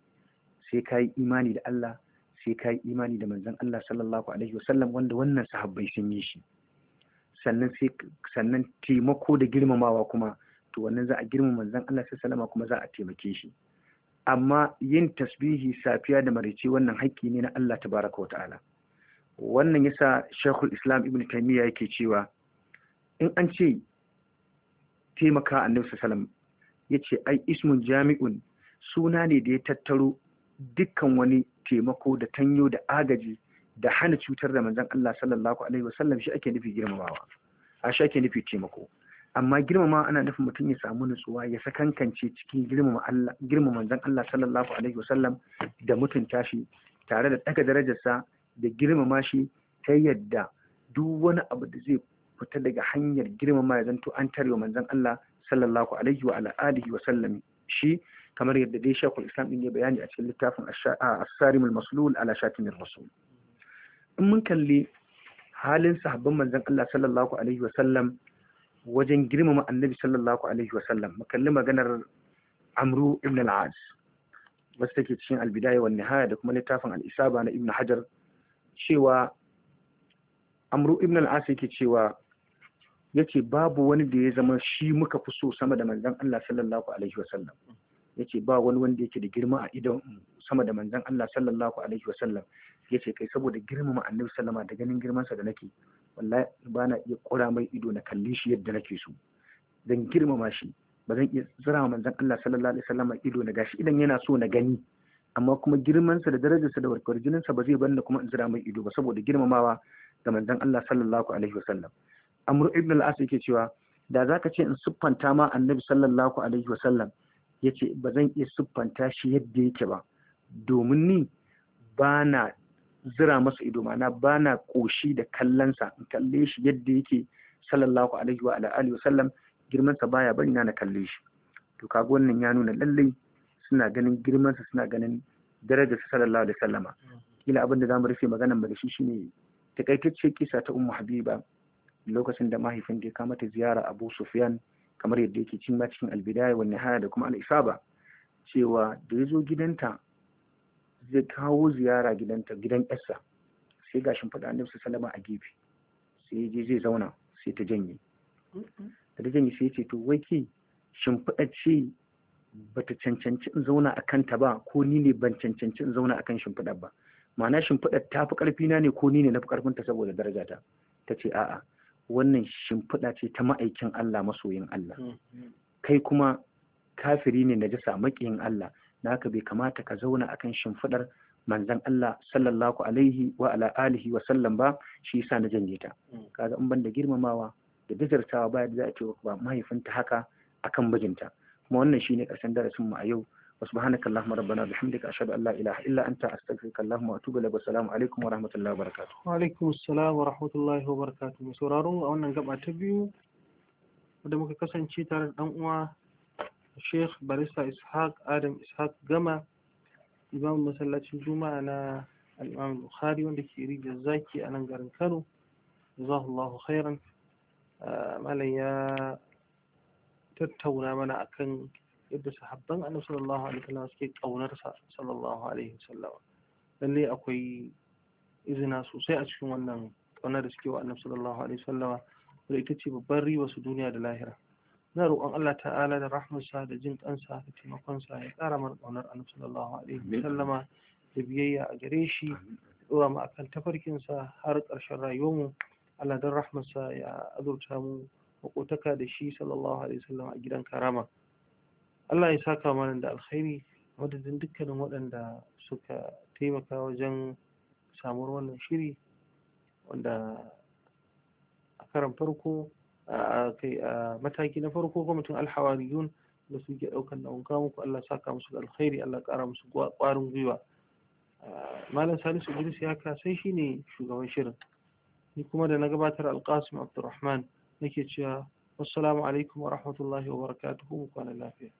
sai kai imani da Allah sai kai imani da manzon Allah sallallahu alaihi wasallam wanda wannan sahabbai sun yi shi sannan sai sannan taimako da girmamawa kuma to wannan za a girmama manzon Allah sallallahu alaihi kuma za a taimake shi amma yin tasbihi safiya da marice wannan haƙƙi ne na Allah tabaraka wa ta'ala wannan yasa shekul islam ibn taimiyya yake cewa in an ce taimaka annabi sallam ya ce ai ismun jami'un suna ne da ya tattaro dukkan wani taimako da tanyo da agaji da hana cutar da manzan Allah sallallahu alaihi wasallam shi ake nufi girmamawa a shi ake nufi taimako amma girmama ana nufin mutum ya samu nutsuwa ya sakankance cikin girmama Allah girmama Allah sallallahu alaihi wasallam da mutunta shi tare da daga darajarsa da girmama shi ta yadda duk wani abu da zai fita daga hanyar girmama ya zanto an tarewa manzon Allah sallallahu alaihi wa alihi wa sallam shi kamar yadda dai shekul islam din ya bayani a cikin littafin as-sarimul maslul ala rasul in mun kalli halin sahabban manzon Allah sallallahu alaihi wa sallam wajen girmama annabi sallallahu alaihi wa sallam mu kalli maganar amru ibn al-az wasu take cikin al-bidaya wan nihaya da kuma littafin al-isaba na ibn hajar cewa amru ibn al asi yake cewa yace babu wani da ya zama shi muka fi so sama da manzon Allah sallallahu alaihi wasallam yace ba wani wanda yake da girma a idan sama da manzon Allah sallallahu alaihi wasallam yace kai saboda girmama annabi sallama da ganin girmansa da nake wallahi ba na iya kura mai ido na kalli shi yadda nake so dan girmama shi ba zan iya zira manzon Allah sallallahu alaihi wasallam ido na gashi idan yana so na gani amma kuma girmansa da darajarsa da warkar jininsa ba zai banna kuma in zira mai ido ba saboda girmamawa ga manzon Allah sallallahu alaihi wasallam amru ibn al-As yake cewa da zaka ce in siffanta ma Annabi sallallahu alaihi wasallam yace ba zan iya siffanta shi yadda yake ba domin ni ba na zira masa ido mana ba na koshi da kallonsa in kalle shi yadda yake sallallahu alaihi wa alihi wasallam girmansa baya bari na na kalle shi to kaga wannan ya nuna lallai suna ganin girmansa suna ganin darajar sallallahu alaihi Sallama. kila abin da zamu rufe maganar ba da shi shine takaitacce kisa ta ummu habiba lokacin da mahaifin da ya kama ta ziyara abu sufyan kamar yadda yake cin ma cikin albidaya wa nihaya da kuma al-isaba cewa da ya zo gidanta zai kawo ziyara gidanta gidan yarsa sai gashin faɗa annabi Sallama a gefe sai ya je zai zauna sai ta janye da ta janye sai ya ce to wai ki shimfiɗa ce bata cancanci in zauna a kanta ba ko ni ne ban cancanci in zauna a kan shimfiɗar ba ma'ana shimfiɗar ta fi ƙarfi na ne ko ni ne na fi ƙarfinta saboda darajata ta ce a'a wannan shimfiɗa ce ta ma'aikin Allah masoyin Allah hmm, hmm. kai kuma kafiri ne na jisa maƙiyin Allah Na naka bai kamata ka zauna akan shimfiɗar manzan Allah sallallahu alaihi wa ala alihi wa sallam ba shi yasa na janye ta hmm. kaga in ban da girmamawa da bijirtawa ba da za a ce ba mahaifinta haka akan mijinta kuma wannan shi ne karshen darasin mu a yau wa subhanaka allahumma rabbana bihamdika ashhadu an la ilaha illa anta astaghfiruka allahumma wa atubu ilaik assalamu alaikum wa rahmatullahi wa barakatuh wa alaikum assalam wa rahmatullahi wa barakatuh sauraro a wannan gaba ta biyu da muka kasance tare da dan uwa Sheikh Barista Ishaq Adam Ishaq Gama imam masallacin Juma'a na al-Imam Bukhari wanda ke riga zaki a nan garin Kano jazakallahu khairan ah, malam ya tattauna mana akan yadda sahabban annabi sallallahu alaihi wasallam suke kaunarsa sallallahu alaihi wasallam lalle akwai izina sosai a cikin wannan kauna da suke wa annabi sallallahu alaihi wasallam da ita ce babban riwa su duniya da lahira na roƙon Allah ta'ala da rahmarsa da jin kansa da taimakonsa ya ƙara mana kaunar annabi sallallahu alaihi wasallam da biyayya a gare shi dora mu akan tafarkinsa har ƙarshen rayuwarmu Allah don rahmarsa ya azurta mu makotaka da shi sallallahu alaihi wasallam a gidan karama Allah ya saka mana da alkhairi madadin dukkanin waɗanda suka taimaka wajen samuwar wannan shiri wanda a karan farko a mataki na farko kwamitin alhawariyun da suke ɗaukar nauyin kawo muku Allah saka musu da alkhairi Allah ya ƙara musu ƙwarin gwiwa malam salisu idris ya ka shi ne shugaban shirin ni kuma da na gabatar alkasim abdurrahman nake cewa assalamu alaikum wa rahmatullahi wa barakatuhu kwana lafiya